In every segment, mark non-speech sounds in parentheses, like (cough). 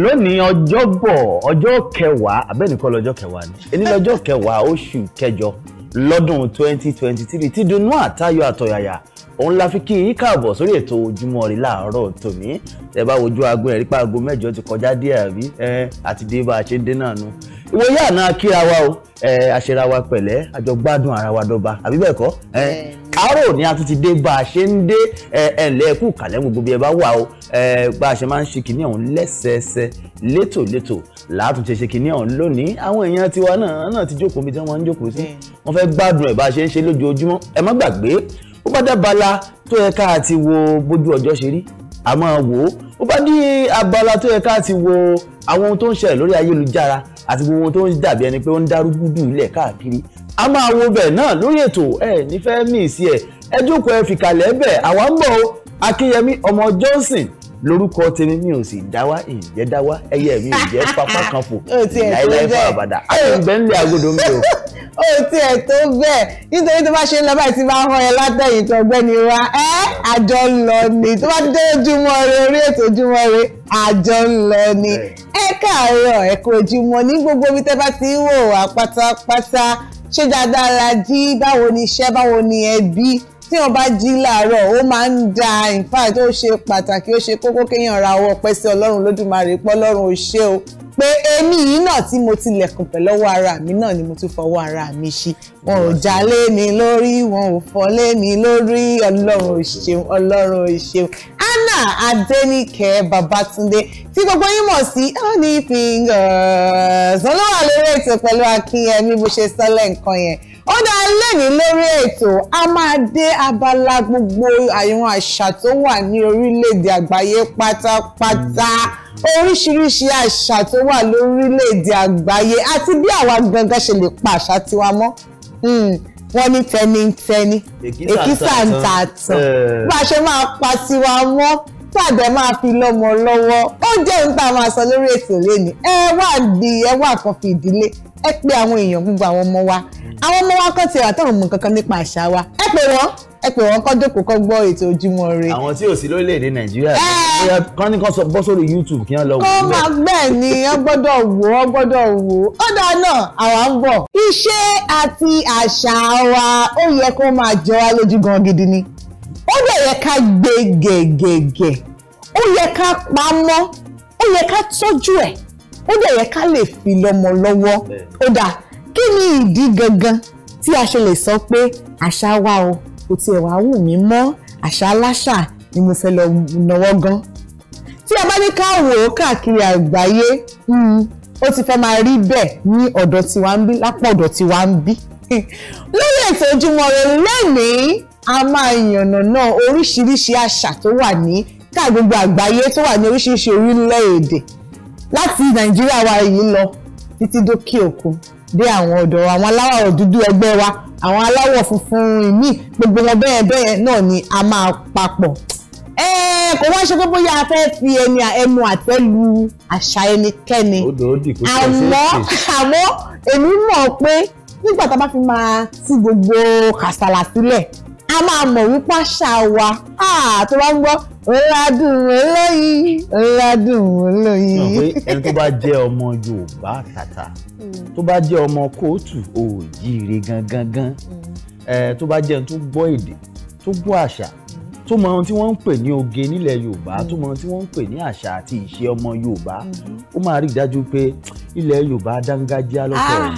lónìí ọjọ́bọ̀ ọjọ́ kẹwàá abẹ́nìkọ́ lọ́jọ́ kẹwàá ni èyí lọ́jọ́ kẹwàá oṣù kẹjọ lọ́dún 2023 tí dunu àtayọ̀ àtọ̀yàyà òun la fi kí yín káàbọ̀ sórí ètò ojúmọ́ rí láàárọ̀ tòní ẹ bá wojú aago ẹ̀rí pa aago mẹ́jọ ti kọjá díẹ̀ àbí ẹ àti dé bá a ṣe ń dé náà nu ìwòye àná kíra wa o ẹ àṣẹra wa pẹ̀lẹ́ àjọ gbádùn ara wa dọ́ba àbí bẹ́ẹ̀ kọ́ ẹ àárọ̀ ni a tún ti dé bá a ṣe ń dé ẹ ẹ ǹlẹ́ kú kàlẹ́ gbogbo bí ẹ bá wà o ẹ bá a ṣe máa ń ṣe kìnìún lẹ́sẹẹsẹ létòlétò láàtún ṣe ṣe kìíní ọ̀hún lónìí àwọn èèyàn tiwa náà náà ti jókòó bíi tí wọ́n ń jókòó sí wọ́n fẹ́ gbádùn ẹ̀ bá ṣe ń ṣe lójoojúmọ́ ẹ má gbàgbé ó bá dábala tó yẹ ká ti wo bójú ọjọ́ ṣe rí a máa wò ó ó bá ní abala tó yẹ ká ti wo àwọn ohun tó ń ṣẹlẹ̀ lórí ayélujára àti gbogbo ohun tó ń dàbí ẹni pé ó ń darúgúdù ilẹ̀ káàkiri a máa wo bẹ̀ náà lórí ètò ẹ nífẹ̀ẹ́ mí sí ẹ ẹ jókòó ẹ fìkàlẹ̀ bẹ̀ àwa ń bọ̀ o Akínyẹmí ọmọ Johnson lórúkọ tèmi mi ò sì dáwà ìjẹ́ dáwà ẹyẹ mi ò jẹ́ pápá kan fò (laughs) láíláí fún àbàdà àtúngbẹ́ ńlẹ̀ agodo mi o. (laughs) o tiẹ̀ tó bẹ́ẹ̀ nítorí tó bá ṣe ń lọ báyìí tí máa ń hàn ẹ́ látẹ̀yìn tó ọgbẹ́ni wa ẹ́ àjọ ń ni tó bá dé ojúmọ́ re orí ètò ojúmọ́ re àjọ ń ni ẹ káàárọ̀ ẹ kú ojúmọ́ ní gbogbo ibi tẹ́ bá ti ń wò wá pátápátá ṣé dáadáa la jí báwo ni iṣẹ́ báwo ni ẹbí téèyàn bá jí láàárọ̀ ó máa ń da in fact ó ṣe pàtàkì ó ṣe kókó kéèyàn ra ọwọ́ ọpẹ́ sí ọlọ́run lódùmarè pọ́ ọlọ́run ò ṣe o pé èmi yìí náà tí mo ti lẹ̀kùn pẹ̀ lọ́wọ́ ara mi náà ni mo tún fọwọ́ ara mi ṣí wọn ò jalé mi lórí wọn ò fọlé mi lórí ọlọ́run ò ṣeun ọlọ́run ò ṣeun anna adenike babatunde tí gbogbo yín mọ̀ sí honey fingers olówó àlérè ètò pẹ̀lú akínyẹmí bó ṣe sọ́lẹ̀ nǹkan yẹn ó dá lẹ́ni lórí ètò a máa dé abala gbogbo àwọn àṣà tó wà ní orílẹ̀-èdè àgbáyé pátápátá oríṣiríṣi àṣà tó wà lórílẹ̀-èdè àgbáyé àti bí àwa gangan ṣe lè pa àṣà tiwa mọ́ hmm, wọ́n ní tẹnitẹni èkìsà ń ta àtàn eh. bá a ṣe máa pa tiwa mọ́ tàdé máa fi lọ́mọ lọ́wọ́ ó jẹ́ ohun tá a máa sọ lórí ètò lẹ́ni ẹ wá di ẹ wá kan fi ìdílé ẹ pé àwọn èèyàn gbogbo àwọn ọmọ wa àwọn ọmọ wa kan ti rà táwọn mọ kankan nípa àṣà wa ẹ pè wọ́n ẹ pè wọ́n kọ́ jókòó kọ́ gbọ́ ètò ojúmọ́ ire. àwọn tí ò sí lórílẹ̀‐èdè nàìjíríà bóyá kán ní kán bọ́ sórí youtube kí wọ́n lọ wò. kó máa bẹ́ẹ̀ ni wọ́n gbọ́dọ̀ wò wọ́n gbọ́dọ̀ wò ó dáa náà àwa ń bọ̀. ìṣe àti àṣà wa ó yẹ kó máa jọ wá lójú gan gidi ni ó dẹ̀ yẹ ká gbé gẹ̀gẹ̀gẹ̀ ó yẹ ká pamọ́ ó yẹ ká tọ́jú ẹ̀ ó dẹ̀ yẹ ká lè fi lọ́mọ lọ́wọ́ ó dà kí ni ìdí gangan tí a ṣe lè sọ pé àṣà wa o kò tiẹ̀ wá wù mí mọ́ àṣà aláṣà ni mo fẹ́ lọ nawọ́ gan tí a bá ní ká wò ó káàkiri àgbáyé hmm, ó ti fẹ́ máa rí bẹ́ẹ̀ ní ọ̀dọ̀ tiwa ń bí lápò ọ̀dọ̀ tiwa ń bí (laughs) lórí ètò Ojúmọ́ Ire lónìí a máa yànnàná oríṣiríṣi àṣà tó wà ní káà gbogbo àgbáyé tó wà ní oríṣiríṣi orílẹ̀-èdè láti nàìjíríà wa yìí lọ títí dókè òkun dé àwọn ọ̀dọ̀ àwọn aláwọ̀ dúdú ẹgbẹ́ wa àwọn aláwọ̀ funfun ìmí gbogbo wọn bẹ́ẹ̀ bẹ́ẹ̀ náà ni a máa papọ̀ kò wá ṣe pé bóyá a fẹ́ fi ẹni ẹnu àtẹ́ lu àṣà ẹnikẹ́ni àmọ́ àmọ́ èmi mọ̀ pé nígbà tá a bá fi máa ti gbogbo kàsàlà sílẹ̀ a máa mọ̀ wípé àṣà wa tó bá ń gbọ́ ọ̀làdùn olóyin ọ̀làdùn olóyin. ẹni tó bá jẹ́ ọmọ Yorùbá àtàtà tó bá jẹ́ ọmọ kóòtù òòjìire gangan tó bá jẹ́ ẹni tó gbọ́ èdè tó gbọ́ àṣà tó mọ ohun tí wọ́n ń pè ní oge nílẹ̀ yorùbá tó mọ ohun tí wọ́n ń pè ní àṣà àti ìṣe ọmọ yorùbá ó máa rí dájú pé ilẹ̀ yorùbá dángájíá lọ́tọ̀ yìí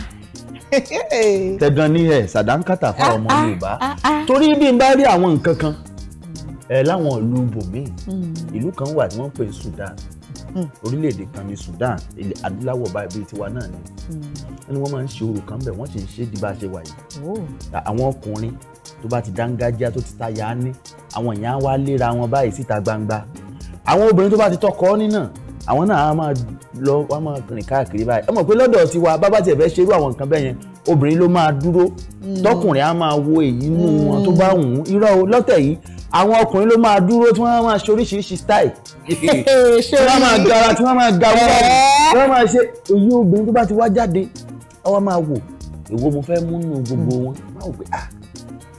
tẹ̀gàn ni ẹ̀ eh, sàdánkátà fáwọn ọmọ ah, ah, Yorùbá ah, torí bí n bá rí àwọn nǹkan kan ẹ eh, láwọn ìlú bòmíì hmm. ìlú kan wà tí wọ́n pè Sudan hmm. orílẹ̀-èdè kan ní Sudan ilẹ̀ adúláwọ̀ báyìí tiwa náà ni ẹni hmm. wọ́n máa ń ṣe orò kan bẹ̀ wọ́n sì ń ṣe é di bá a ṣe wà yìí oh. àwọn ọkùnrin tó bá ti dángájá tó ti ta yá ní àwọn èèyàn á wá léra wọn báyìí síta gbangba àwọn obìnrin tó bá ti tọkọ ọ ní àwọn náà á máa lọ wọ́n máa rìn káàkiri báyìí ẹ mọ̀ pé lọ́dọ̀ tiwa bàbá tiẹ̀ fẹ́ ṣerú àwọn nǹkan bẹ́ẹ̀ yẹn obìnrin ló máa dúró hmm. tọkùnrin á máa wo èyí nú hmm. wọn tó bá wù ú irọ́ o lọ́tẹ̀ yìí àwọn ọkùnrin ló máa dúró tí wọ́n máa ṣe oríṣiríṣi style (laughs) tí wọ́n máa gara tí wọ́n máa ga wúlọ́ tí wọ́n máa ṣe èyí obìnrin tó bá ti wá jáde wọ́n máa wò èwo mo fẹ́ mú nù gbogbo hmm. wọn ah,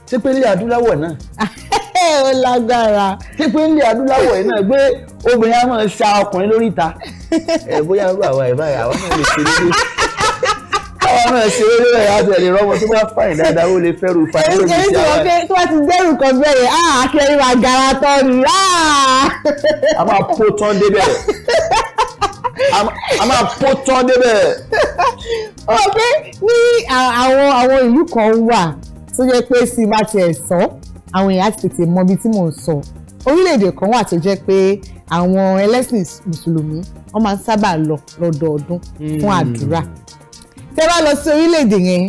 ṣé pé ilé adúláwọ̀ náà (laughs) ó lágbára tí pínlẹ̀ adúláwọ̀ yìí náà gbé obìnrin á máa ọkùnrin lórí ìta (laughs) ẹ̀ bóyá irú àwa ẹ̀ báyìí àwa náà lè ṣe lórí àwọn náà ṣe eré rẹ̀ àti ẹ̀lẹ́ rọ́mọ tó bá fàyìn dáadáa ó lè fẹ́rù fàyìn lórí ìṣẹ́ àwọn. tó bá ti dẹ́rù kan bẹ̀rẹ̀ á ah, akẹ́rì máa gara tán ni á. Ah. a máa pó tán débẹ̀ a máa pó tán débẹ̀. ọ̀pẹ ní àwọn àwọn ìlú kan wà tó yẹ pé sì bá tiẹ̀ sàn àwọn èèyàn á ti tètè mọ ibi tí mò ń sọ orílẹ̀-èdè kan wà tó jẹ́ pé àwọn ẹlẹ́sìn mùsùlùmí wọ́n máa ń sábà lọ lọ́dọọdún fún hmm. àdúrà tẹ bá lọ sí orílẹ̀-èdè yẹn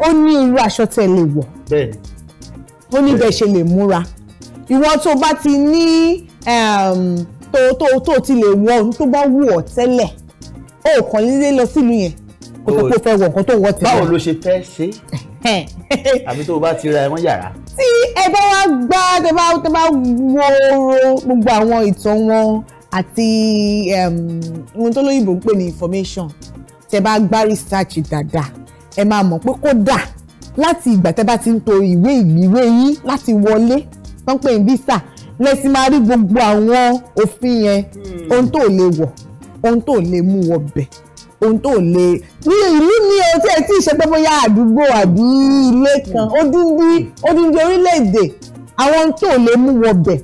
ó ní irú aṣọ tẹ lè wọ̀ ó ní bẹ́ẹ̀ ṣe lè múra ìwọ tó bá ti ní tó tó tó ti lè wọ̀ ohun tó bá wù ọ́ tẹ́lẹ̀ ó kàn lílé lọ sílùú yẹn kó tó kó fẹ́ wọ̀ nǹkan tó wọ̀ tẹ́lẹ̀. báwo ló ṣe fẹ́ ṣe àbí tó o bá ti ra ẹ̀wọ̀n yàrá tí ẹ bá wá gbá tẹ bá tẹ bá wọ́ọ́rọ́ gbogbo àwọn ìtàn wọn àti ohun tó lóyìnbó ń pè ní information tẹ bá gbá research dáadáa ẹ máa mọ̀ pé kódà láti ìgbà tẹ bá ti ń to ìwé ìgbìwé yín láti wọlé tó ń pè ní visa lẹ́sì máa rí gbogbo àwọn òfin yẹn hmm. ohun tó lè wọ̀ ohun tó lè mú wọ bẹ̀ ohun tó le ní ìlú ni o tí ẹ tí ì ṣe pé bóyá àdúgbò àbí ilé kan hmm. odindi odindi orílẹ̀-èdè àwọn ohun tó le mú wọ bẹ̀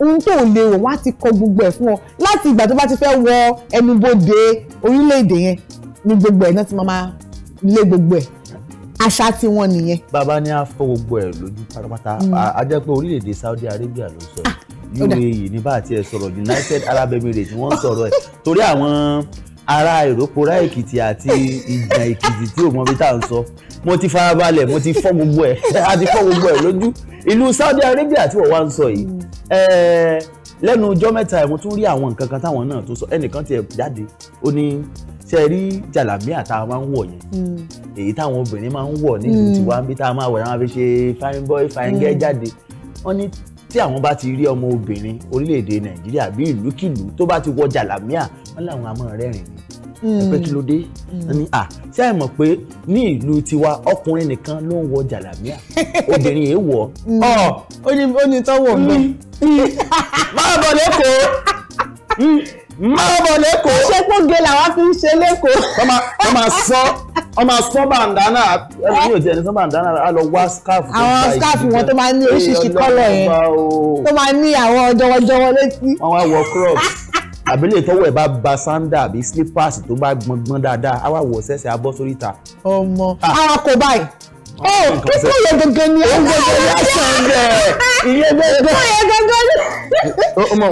ohun tó le wọ̀ wọ́n á ti kọ gbogbo ẹ̀ fún ọ láti ìgbà tó bá ti fẹ́ wọ ẹnubodè orílẹ̀-èdè yẹn ní gbogbo ẹ̀ náà ti máa lé gbogbo ẹ̀ àṣà tí wọ́n nìyẹn. bàbá ní a fọ gbogbo ẹ lójú pátápátá hmm. a pé orílẹ̀-èdè Saudi Arabia ló sọ ah, UAE ní bá àti ẹ sọ̀rọ̀ United Arab Emirates wọ́n sọ̀rọ̀ ẹ̀ torí àwọn ará ìrókòrá èkìtì àti ìjà èkìtì tí ò mọ bí tá à ń sọ mo ti farabalẹ̀ mo ti fọ́ gbogbo ẹ̀ a ti fọ́ gbogbo ẹ̀ lójú ìlú Saudi Arabia tí wọ́n wá ń sọ yìí lẹ́nu ọjọ́ mẹ́ta mo tún rí àwọn nǹkan kan táwọn náà tó sọ ẹnìkan tiẹ̀ jáde ó ní ṣe rí jàlámíà tá a máa ń wọ̀ yẹn hmm. èyí táwọn obìnrin máa ń wọ̀ nílùú tiwa hmm. níbi tá a máa wọ̀ náà fi ṣe fine boy fine girl hmm. jáde wọ́n ní tí àwọn bá ti rí ọmọ obìnrin orílẹ̀-èdè nàìjíríà bí ìlúkìlú tó bá ti wọ jàlámíà wọ́n láwọn amọ̀ rẹ́rìn-ín ẹ̀pẹ́ mm. kí ló dé mm. ní pé ní ìlú tiwa ọkùnrin nìkan ló ń wọ jàlámíà (laughs) obìnrin yìí wọ̀ mm. ọ́ ó ní tọ́wọ̀ mọ́ máa bọ̀ lẹ́kọ̀ọ́ máa bọ̀ lẹ́kọ̀ọ́ ṣé kó gé làwọn fi ń ṣe lẹ́kọ̀ọ́. wọ́n máa sọ wọ́n sọ bàǹdánà ẹni yóò jẹ́ ẹni sọ bàǹdánà á lọ wá skáàfù. àwọn skáàfù wọn tó máa ní oríṣiríṣi kọ́lọ̀ yẹn tó máa ní àwọn jọwọjọwọ létí. wọ́n wá wọ crops. (laughs) àbílẹ̀ tọ́wọ́ ẹ̀ bá ba sandal àbí slippers tó bá gbọngbọ́n dáadáa á wà wọ̀ sẹ́sẹ̀ abọ́ sórí ta. ọmọ ah. ara kò báyìí ah, oh, ó pípọ̀ yẹn gangan ni ó gbogbo lásán rẹ̀ ìyẹn gbogbo. pípọ̀ yẹn gangan ni.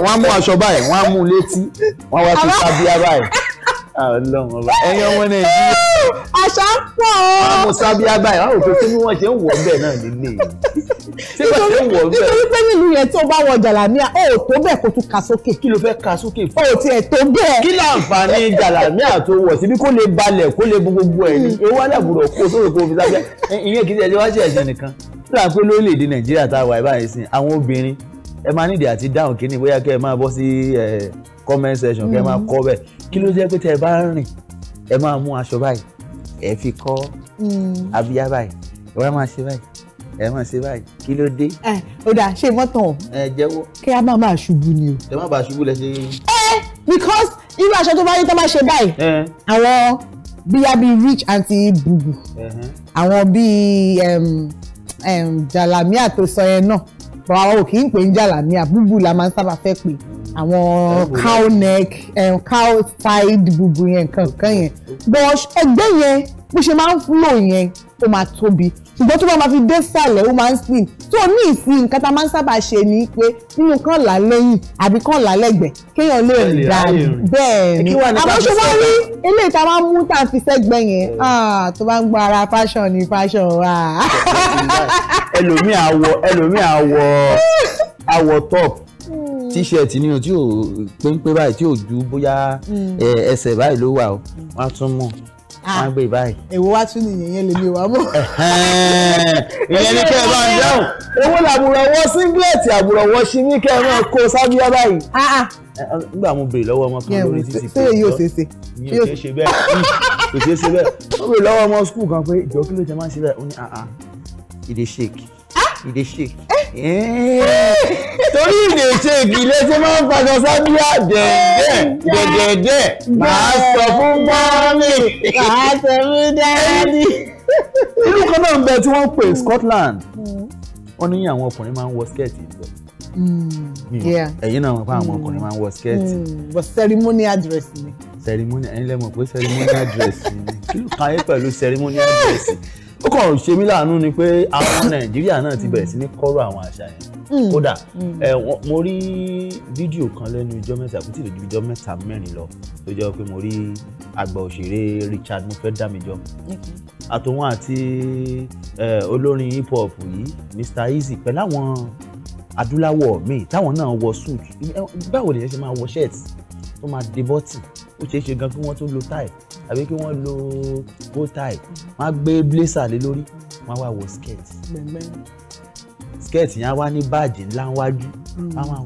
wọ́n mú aṣọ báyìí wọ́n mú létí wọ́n wá fi sábíà báyìí. Ah, ọlọ́run ọba ẹ̀yin ọmọ nàìjíríà. àṣà pọ̀ o mú sábíà báyìí wọ́n rò pé kí wọ́n ṣe ń wọ̀ bẹ́ẹ̀ náà nílé nítorí pé nínú yẹn tó bá wọ jàlámíà ó tó bẹ́ẹ̀ kó tún ka sókè. kí ló fẹ́ ka sókè fún. ó tiẹ̀ tó bẹ́ẹ̀. kí láǹfààní jàlámíà tó wọ̀ síbi kó lè balẹ̀ kó lè gbogbo ẹ̀ ní ewu aláàbùrọ̀ kó tó rò pé òfin ìyẹn kì í ṣe wá ẹ̀jẹ̀ nìkan. tó dà mm-hmm. ló jẹ́ pé ẹ fi kọ́ hmm. abíyá báyìí ẹ wá máa ṣe báyìí ẹ máa ṣe báyìí kí ló dé. ó dà ṣe mọ́tàn. ẹ jẹ́wọ́. kí a máa máa ṣubú ni o. ẹ má bàa ṣubú lẹ ṣe. ẹ because irú aṣọ tó bá yẹ tó bá ṣe báyìí àwọn bíyá bíi rich àti bùbù àwọn bíi jàlámíà tó sọ yẹn náà bọ̀ àwọn ò kì í pè ń jàlámíà búbù la máa ń sábà fẹ́ pè é àwọn cow neck um, cow side bubu yẹn nǹkan kan yẹn but ẹgbẹ́ yẹn bó ṣe máa ń flow yẹn ó máa tóbi ṣùgbọ́n tó bá máa fi dé sàlẹ̀ ó máa ń spin tó ní ìsìn nǹkan tá a máa ń sábà ṣe ni pé nínú kan là lẹ́yìn àbí kan là lẹ́gbẹ̀ẹ́ kéèyàn lè rìn dáadé bẹ́ẹ̀ ni àmọ́ ṣe wá rí eléyìí tá a máa ń mú tá a fi sẹ́gbẹ́ yẹn tó bá ń gba ara fashion ni fashion wa. ẹlòmíà wọ ẹlòmíà wọ awọ top t-shirt ni o tí o péńpé báyìí tí o ju bóyá hmm. ẹsẹ̀ báyìí ló wà o hmm. wọ́n á tún mọ̀ ah. wọ́n á gbé báyìí. èwo wá tún nìyẹn yẹn lèmi wà mọ́. ìyẹn ni kẹ́ ẹ bá ń dáhùn owó làbúrò ọwọ́ síngílẹ̀tì àbúrò ní kẹ́ ẹ máa kó sábíà báyìí ah, ah. Eh, eh, nígbà mo bèrè lọ́wọ́ ọmọ kan lórí títì pé yóò ṣe ṣe yóò ṣe ṣe bẹ́ẹ̀ (laughs) hmm, kò ṣe ṣe bẹ́ẹ̀ mo bèrè lọ́wọ́ ọmọ skul kan pé ìjọ kí ló jẹ ìdèṣe. Eh! torí ìdèṣe ìbílẹ̀ tí máa ń faṣọ sábíà dẹ̀dẹ̀ dẹ̀dẹ̀ máa sọ fún bọ́ọ̀lì. máa sọ fún dáadé. irú kan náà ń bẹ tí wọ́n pè hmm. Scotland hmm. wọ́n ní àwọn ọkùnrin máa ń wọ skẹ́ẹ̀tì ìbẹ̀ hmm, ẹ̀yin náà mọ̀ pé àwọn ọkùnrin máa ń wọ skẹ́ẹ̀tì. but ceremonial dress ni. ceremonial ẹ̀yin lẹ́mọ̀ pé ceremonial dress ni kí ló kàn yín pẹ̀lú ceremonial dress (laughs) ó kàn ṣe mí láàánú ni pé àwọn nàìjíríà náà ti bẹ̀rẹ̀ sí ní kọ́rọ̀ àwọn àṣà yẹn mm. kódà mm. mo rí fídíò kan lẹ́nu ijọ́ mẹ́ta kò tí ì lè ju ijọ́ mẹ́ta mẹ́rin lọ tó jẹ́ pé mo rí àgbà òṣèré Richard Mofe-Damijo àtòun àti olórin hip hop yìí Mr Eazy pẹ̀lú àwọn adúláwọ̀ míì táwọn náà wọ suit báwo lè ṣe máa wọ shirt tó máa de bọ́tì ó ṣeé ṣe gan kí wọ́n tún lo tie àbí kí wọ́n lo bow tie wọ́n á gbé blazer lé lórí wọ́n á wá wọ skirt skirt yẹn á wá ní báàjì ńlá wájú àwọn hmm. àwọn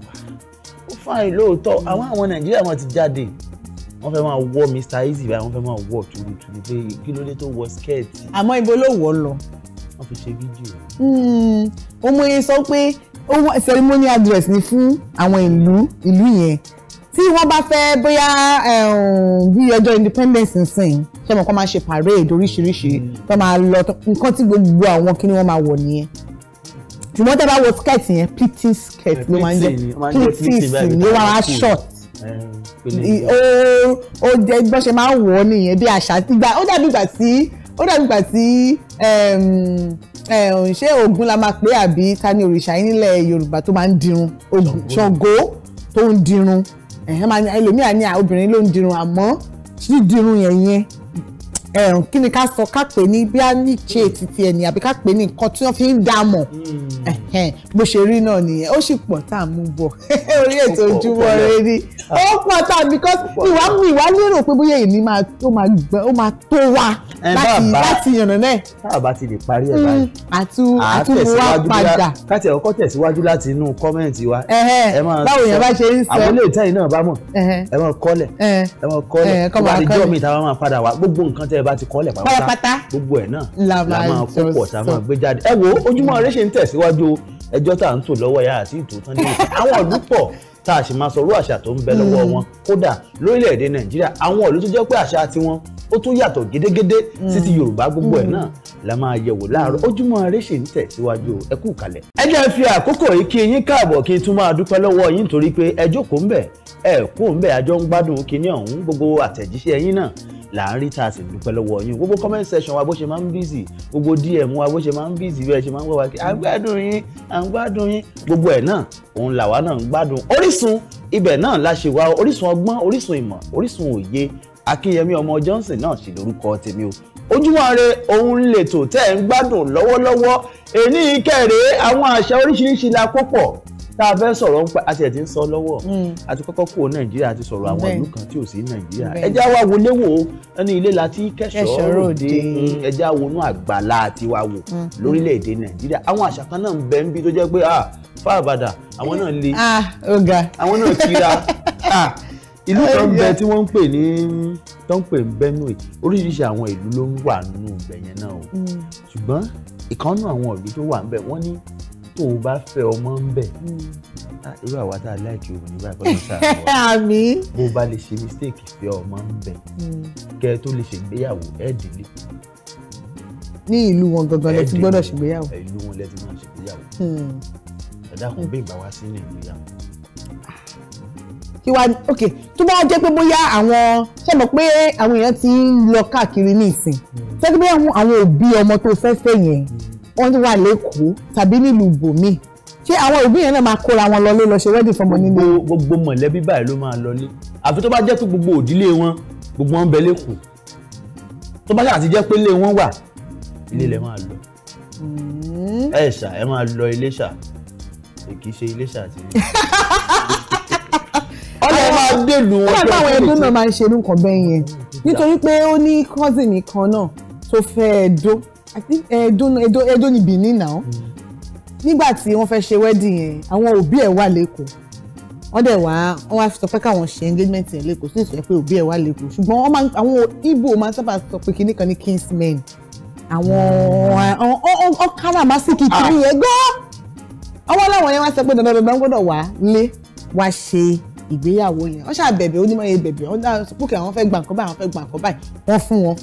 ó fàìn lóòótọ́ àwọn àwọn nàìjíríà wọn ti jáde wọ́n fẹ́ máa wọ Mr Easy báyìí wọ́n fẹ́ máa wọ tùrùtùrù pé kí ló dé tó wọ skirt. àmọ́ ibo ló wọ̀ ọ́ lọ. wọ́n fi ṣe fídíò. ọmọ hmm. yẹn sọ pé ceremony address ni fún àwọn ìlú ìlú yẹn tí wọ́n bá fẹ́ bóyá bí ọjọ́ independence nsìn ṣé mo kàn máa ṣe parade oríṣiríṣi tó máa lọ nǹkan tí gbogbo àwọn kí ni wọ́n máa wọ̀ nìyẹn ṣùgbọ́n tẹ́ bá wọ skirt yẹn pleating skirt ló máa ń jẹ́ pleating ni wọ́n máa short ó jẹ́ bó ṣe máa ń wọ̀ ọ́ nìyẹn bí àṣà ó dàbí ìgbà tí ó dàbí ìgbà tí ṣé ogun la máa pè àbí ta ni òrìṣà yín nílẹ̀ Yorùbá tó máa ń dirun Ògún tó ń dirun ẹlòmíà ni obìnrin ló ń dirun àmọ́ dídirun yẹn yẹn ẹ̀rùn kí ni ká sọ ká pè ní bí a ní ṣe hmm. títí ẹni àbí ká pè ní nǹkan tí wọ́n fi ń dá mọ̀ hmm. bó ṣe rí náà nìyẹn ó sì pọ̀ tá à ń mú bọ̀ (laughs) orí ètò ojúmọ́ rẹ ni ah. ó pọ̀ tá à because ìwà mú ìwà lérò pé bóyá èyí ni ó máa tó wa láti yànnà náà. tá a bá ti lè parí ẹ̀ hmm, báyìí àtú àtú wa padà. káti ẹ̀ kọ́ tẹ̀síwájú láti inú kọ́mẹ́ǹtì wa. báwo yẹn bá ṣe ń sọ àwọn ilé ìtẹ́yìn náà bá mọ̀ ẹ máa kọ́lẹ̀ ẹ máa kọ́lẹ̀ tó bá di jọ́ bẹ́ẹ̀ bá ti kọ́lẹ̀ pátápátá gbogbo ẹ̀ náà la máa kó pọ̀ tá a máa gbé jáde ẹ wo ojúmọ́ ire ṣe ń tẹ̀síwájú ẹjọ́ tá à ń tò lọ́wọ́ yá àti ìtòótán ní àwọn ìlú pọ̀ tá a sì máa sọ̀rọ̀ àṣà tó ń bẹ lọ́wọ́ mm. wọn kódà lórílẹ̀‐èdè nàìjíríà àwọn ìlú tó jẹ́ pé àṣà tiwọn ó tún yàtọ̀ gédégédé sí mm. yorùbá gbogbo ẹ̀ mm. náà la máa yẹ̀wò láàárọ̀ ojúmọ́ ire ṣì ń tẹ̀síwájú ẹ kú kalẹ̀. ẹ jẹ́ fi àkókò yìí kí yín káàbọ̀ kí n tún máa dúpẹ́ lọ́wọ́ yín torí pé ẹ jókòó ń bẹ̀ ẹ kú ń bẹ̀ àjọ ń gbádùn kinní ọ̀hún gbogbo àtẹ̀jíṣẹ́ yín náà là ń rí tá a sì dúpẹ́ lọ́wọ́ yín gbogbo comment section wa bó ṣe máa ń bízì gbogbo dm wa bó ṣe máa ń bízì bẹ́ẹ̀ ṣe máa ń wá wa kí à ń gbádùn yín à ń gbádùn yín gbogbo ẹ̀ náà òun làwa náà ń gbádùn Orísun ibẹ̀ náà la ṣe wá Orísun ọgbọ́n Orísun ìmọ̀ Orísun òye Akínyẹmí ọmọ Johnson náà sì lórúkọ tèmi o Ojúmọ́re òun lètò tẹ́ ń gbádùn lọ́wọ́lọ́wọ́ èní kẹrẹ àwọn àṣà oríṣiríṣi la kó pọ̀ tá a fẹ́ sọ̀rọ̀ ń pa àti ẹ̀tí ń sọ lọ́wọ́ àti hmm. kọ́kọ́ kó nàìjíríà àti sọ̀rọ̀ àwọn ìlú kan tí ò sí nàìjíríà ẹja wa wo léwò ẹni ilé la ti kẹsọ̀ ròde ẹja wo inú àgbàlá àti wa wò hmm. lórílẹ̀‐èdè nàìjíríà àwọn àṣà kan náà ń bẹ níbi tó jẹ́ pé ah fáàbàdà àwọn náà le ah, àwọn náà kíra (laughs) ah ìlú kan bẹ tí wọ́n ń pè ní tó ń pè ní Benue oríṣiríṣi àwọn ìlú ló ń wà nínú ibẹ̀ yẹn náà o hmm. ṣùgbọ́n ìkànnù àwọn ìlú tó wà ń bẹ wọ́n ní tó o bá fẹ́ ọmọ ń bẹ̀. Hmm. Ah, irú àwa tá a láìkí obìnrin báyìí kọ́ ló ń sàrọ̀ àmì. bó o bá lè ṣe mistake fẹ́ ọmọ ń bẹ̀ hmm. kẹ́ ẹ tó lè ṣègbéyàwó ẹ̀ délé. ní ìlú wọn gangan lẹ ti gbọ́dọ̀ ṣègbéyàwó. ìlú wọn lẹ ti máa ṣègbéyàwó. Hmm. ẹ̀dá kan bí ìgbà wá sí ní ìgbéyàwó. kí wàá ok tó bá jẹ́ pé bóyá àwọn ṣe mọ̀ pé àwọn èèyàn ti ń lọ káàkiri ní ìsìn ṣé kí àwọn òbí ọmọ tó fẹ́ fẹ́ yẹn wọ́n wà lẹ́kọ̀ọ́ tàbí nílùú bòmíì ṣé àwọn òbí yẹn náà máa kóra wọn lọlé lọ ṣe wedding fọmọ nílé. gbogbo mọ̀lẹ́bí báyìí ló máa lọlé àfi tó bá jẹ́ pé gbogbo òdílé wọn gbogbo wọn bẹ lẹ́kọ̀ọ́ tó bá ṣàti jẹ́ pé ilé wọn wà ilé lẹ máa lọ mm-hmm. ẹ ṣà ẹ máa lọ ilé ṣà kì í ṣe ilé ṣà àti (laughs) ilé ọlọ́ máa dèlù wọn. wọ́n àtàwọn ẹgbẹ́ náà máa ń ṣe irú nǹkan bẹ́ẹ̀ yẹn nítorí pé ó ní I think Edo Edo Edo ni Benin now mm. nígbà tí wọ́n fẹ́ ṣe wedding yẹn àwọn òbí ẹ̀ wà lẹ́kọ̀ọ́ wọ́n dẹ̀ wá wọ́n wá sọ pé káwọn ṣe engagement yẹn lẹ́kọ̀ọ́ sí ìsọ̀rọ̀ pé òbí ẹ̀ wà lẹ́kọ̀ọ́ ṣùgbọ́n wọ́n máa àwọn Ìgbò máa sábà sọ pé kinní kan ní kinsmen àwọn ọkàrà màsíkì ah. kiri yẹn gbọ́ ọwọ́ làwọn yẹn wá sọ pé dandan dandan gbọ́dọ̀ wá lé wá ṣe ìgbéyàwó yẹn wọ́n ṣàbẹ̀bẹ̀ onímọ̀ yẹn bẹ̀bẹ̀ wọ́n sọ pé àwọn fẹ́ gbà nǹkan báyìí àwọn fẹ́ gbà nǹkan báyìí wọ́n fún wọn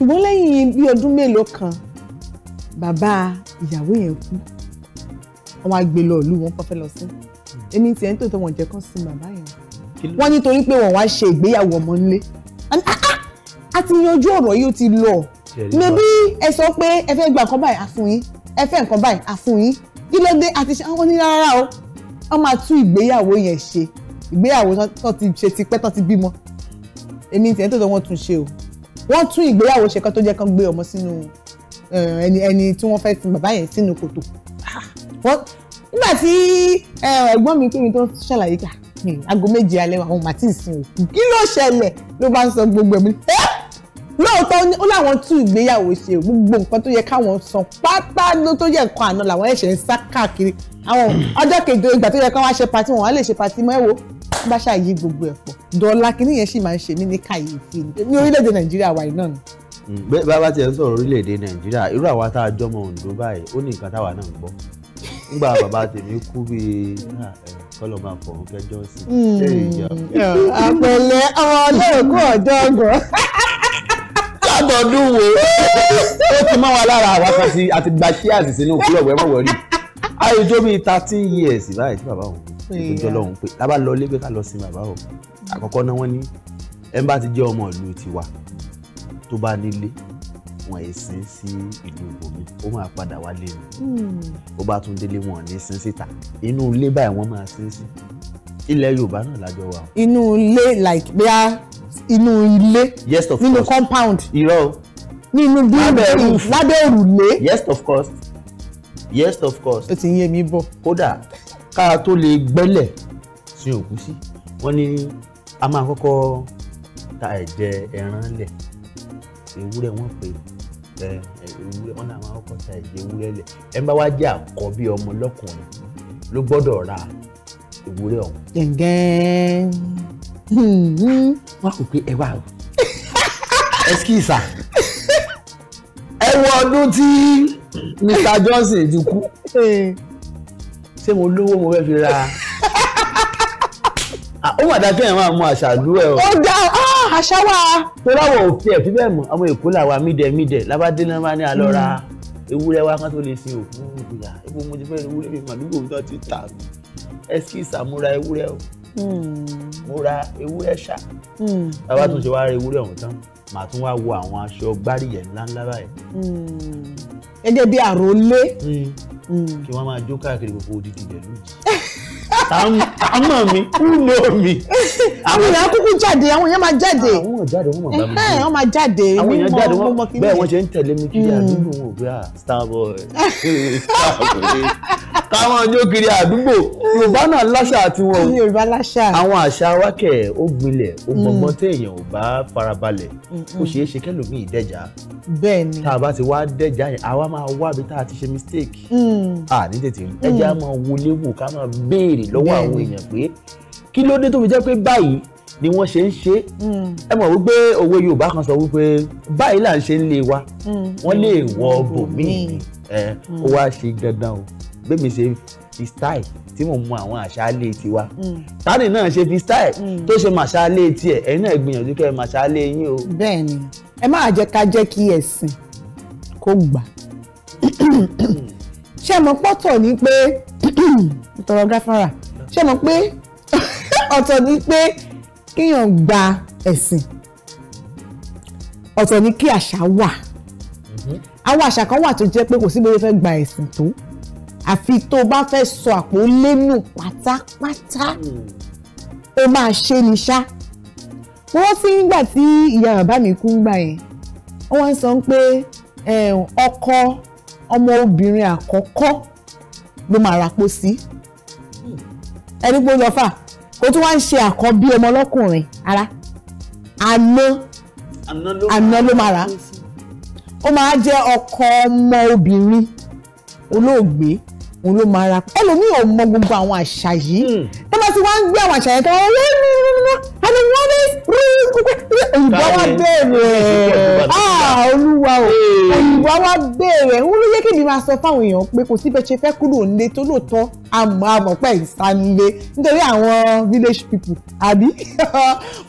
ṣùgbọ́n lẹ́yìn bí ọdún mélòó kan bàbá ìyàwó yẹn kú wọn á gbé lọ ìlú wọn kọ́ fẹ́ lọ sí èmi tiẹ̀ ń tòótọ́ wọn jẹ́ kán sin bàbá yẹn wọ́n nítorí pé wọ́n wá ṣe ìgbéyàwó ọmọ nílé ah, ah, a ti yanjú ọ̀rọ̀ yìí ó ti lọ mẹbí ẹ sọ pé ẹ fẹ́ gba nǹkan báyìí àfún yín ẹ fẹ́ nǹkan báyìí àfún yín kí ló dé àti ṣe àwọn onílà rárá o wọ́n máa tún ìgbéyàwó yẹn ṣe ìgbéyàwó tó ti ṣe tipẹ́ tó ti bímọ èmi tiẹ̀ ń tòótọ́ wọn tún ṣe o wọ́n tún ìgbéyàwó ṣe kan tó jẹ́ kan gbé ọmọ sínú eh, ẹni ẹni tí wọ́n fẹ́ sin bàbá yẹn sínú kòtò ah, nígbà tí eh, ẹ̀gbọ́n mi kéwìn tó ṣàlàyé kà hmm, aago méje alẹ́ àwọn màtí ìsìn òkú kí ló ṣẹlẹ̀ ló bá ń sọ gbogbo ẹ̀mí ẹ́ eh! lóòótọ́ ó láwọn tún ìgbéyàwó ṣe gbogbo nǹkan tó yẹ káwọn san pátá ló tó yẹ nǹkan àná làwọn ẹ̀ṣẹ̀ ń sá káàkiri àwọn ọjọ́ kejì ìgbà tó yẹ káwọn ṣe patí wọn á lè ṣe patí mọ́ ẹ̀ wo bá ṣàyí gbogbo ẹ̀pọ̀ dọ́là kínní yẹn sì máa ń ṣe mí ní kàyéfì ní orílẹ̀-èdè nàìjíríà wà náà ni mm, bá bá tiẹ̀ ń sọ̀rọ̀ orílẹ̀-èdè nàìjíríà irú àwa tá a jọmọ Oǹdó báyìí ó ní nǹkan táwa náà ń gbọ́ nígbà Baba, tèmi kú bíi ah, eh, kọ́lọ̀ máa fọ̀ ọ́n kẹjọ́ sí i. Mm. àpẹẹlẹ ọmọ ọlọ́run kú ọ̀dọ́ ọgbọ̀n látọ̀dún wo ó ti mọ́ wa lára àwákàtí àti gba ṣíàsì sínú club ẹ̀ mọ̀ wọ̀rí àyèjọ́ bíi thirteen years báyìí tí bàbá òun ìtòjọ́ lọ́hùn pé lábà lọ lébè ká lọ sí bàbá òun àkọ́kọ́ náà wọ́n ní ẹ̀ ń bá ti jẹ́ ọmọ ìlú tiwa tó bá nílé wọn ẹ̀sìn sí ìlú ibòmí ó máa padà wálé ni hmm. ó bá tún délé wọn ní sin síta inú ilé báyìí wọ́n máa sin sí ilẹ̀ Yorùbá náà lájọ wa. inú ilé like bíá inú ilé yes of course nínú compound irọ́ o nínú building lábẹ́ òrùlé yes of course yes of course ó ti ń yé mi bọ̀. kódà ká a tó lè gbẹ́lẹ̀ sí òkú sí wọ́n ní a máa kọ́kọ́ ta ẹ̀jẹ̀ ẹran lẹ̀ ewúrẹ́ wọ́n pè é ewúrẹ́ wọ́n náà máa kọ́kọ́ ta ẹ̀jẹ̀ ewúrẹ́ lẹ̀ ẹ̀ ń bá wá jẹ́ àkọ́bí ọmọ lọ́kùnrin ló gbọ́dọ̀ ra ewúrẹ́ ọ̀hún. gẹ́gẹ́ Hmm. wọn kò pé ẹ wá o ẹskíìsà ẹ wọ ọdún tí Mr Johnson ti kú ṣé mo lówó mo fẹ́ fi ra ó mà dáa kéèyàn máa mú àṣàlú ẹ o. ó dá àṣà wa. tó láwọn òfin ẹ̀ fi bẹ́ẹ̀ mọ̀ àwọn èkó làwa mídẹ̀ mídẹ̀ lábàdé náà máa ní àlọ́ ra hmm. ewúrẹ́ wa kan tó lè sin òkú ìyá epo mo ti fẹ́ ewúrẹ́ mi màdúgbò tó ti tà mí ẹskíìsà múra ewúrẹ́ o mo ra ewúrẹ́ ṣá bàbá hmm. tún hmm. ṣe wá ra ewúrẹ́ ọ̀hún tán màá tún wá wo àwọn aṣọ gbárìyẹ ńláńlá báyìí. gẹ́gẹ́ hmm. bí àròlé. kí wọ́n máa jó káàkiri gbogbo odidi ìdẹ̀lú yìí. (laughs) àmọ́ mi kúlò mi. àwọn èèyàn kúkú jáde àwọn èèyàn máa jáde. àwọn ah, èèyàn jáde wọn máa bá mi. wọ́n máa jáde àwọn èèyàn jáde wọn bẹ́ẹ̀ wọ́n ṣe ń tẹ̀lé mi kiri hmm. àdúgbò wọn pé ah, starboy starboy (laughs) káwọn ọjọ́ kiri àdúgbò yorùbá náà láṣà àti wọn. yorùbá láṣà. àwọn àṣà wákẹ̀ ó gbilẹ̀ ó hmm. gbọ̀ngbọ̀n téèyàn ò bá farabalẹ̀ ó hmm, ṣeé ṣe kẹ́lòmíì dẹ́jà. bẹ́ẹ̀ni. tá a bá ti wá dẹ́jà yẹn àwa máa wá ibi tá a ti ṣe mistake. à ní tètè ẹja máa wọlé wò ká máa béèrè béèrè lọ́wọ́ àwọn èèyàn pé kí ló dé tó fi jẹ́ pé báyìí ni wọ́n ṣe ń ṣe é hmm. ẹ mọ̀ wípé òwe Yorùbá kan sọ wípé báyìí là ń ṣe ń lé wa hmm. wọ́n lè hmm. wọ bòmíì ẹ ó wá ṣe dandan o bẹ́ẹ̀ mi ṣe fi style tí mò ń mu àwọn àṣàlẹ̀ tiwa tani náà ṣe fi style tó ṣe màṣàlẹ̀ tiẹ̀ ẹ̀yin náà gbìyànjú kẹ́ ẹ màṣàlẹ̀ yín o. bẹ́ẹ̀ni ẹ máa jẹ ká jẹ kí ẹsìn kó gbà ṣé mo pọtọ ni pé tọrọ gáfárà ṣé mo pé (laughs) ọ̀tọ̀ ni pé kíyàn gba ẹ̀sìn ọ̀tọ̀ ni kí àṣà wà àwọn àṣà kan wà tó jẹ́ pé kò sí bóyá fẹ́ gba ẹ̀sìn tó àfi tó o bá fẹ́ sọ àpò lẹ́nu pátápátá o máa ṣe ni ṣá wọ́n ti ń gbà tí ìyá bàbá mi kú ń gbà yẹn wọ́n sọ pé ọkọ ọmọ obìnrin àkọ́kọ́ ló máa rapò sí ẹni gbọ́dọ̀ fà kó tún wá ń ṣe àkọ́bí ọmọ ọlọ́kùnrin ara àná àná ló máa rà ó máa jẹ́ ọkọ ọmọ obìnrin olóògbé òun ló máa ra ẹlòmíì ò mọ gbogbo àwọn àṣà yìí tó bá ti wá ń gbé àwọn àṣà yẹn tó wọ́n wọ́n ní àmì wọ́n ní rí òyìnbó wa béèrè olúwa o òyìnbó wa béèrè òun ló yẹ kí mi máa sọ fáwọn èèyàn pé kò síbẹ̀ ṣe fẹ́ kúrò nílé tó lóòótọ́ àmọ́ àmọ́ pẹ̀ ìsanilé nítorí àwọn village people àbí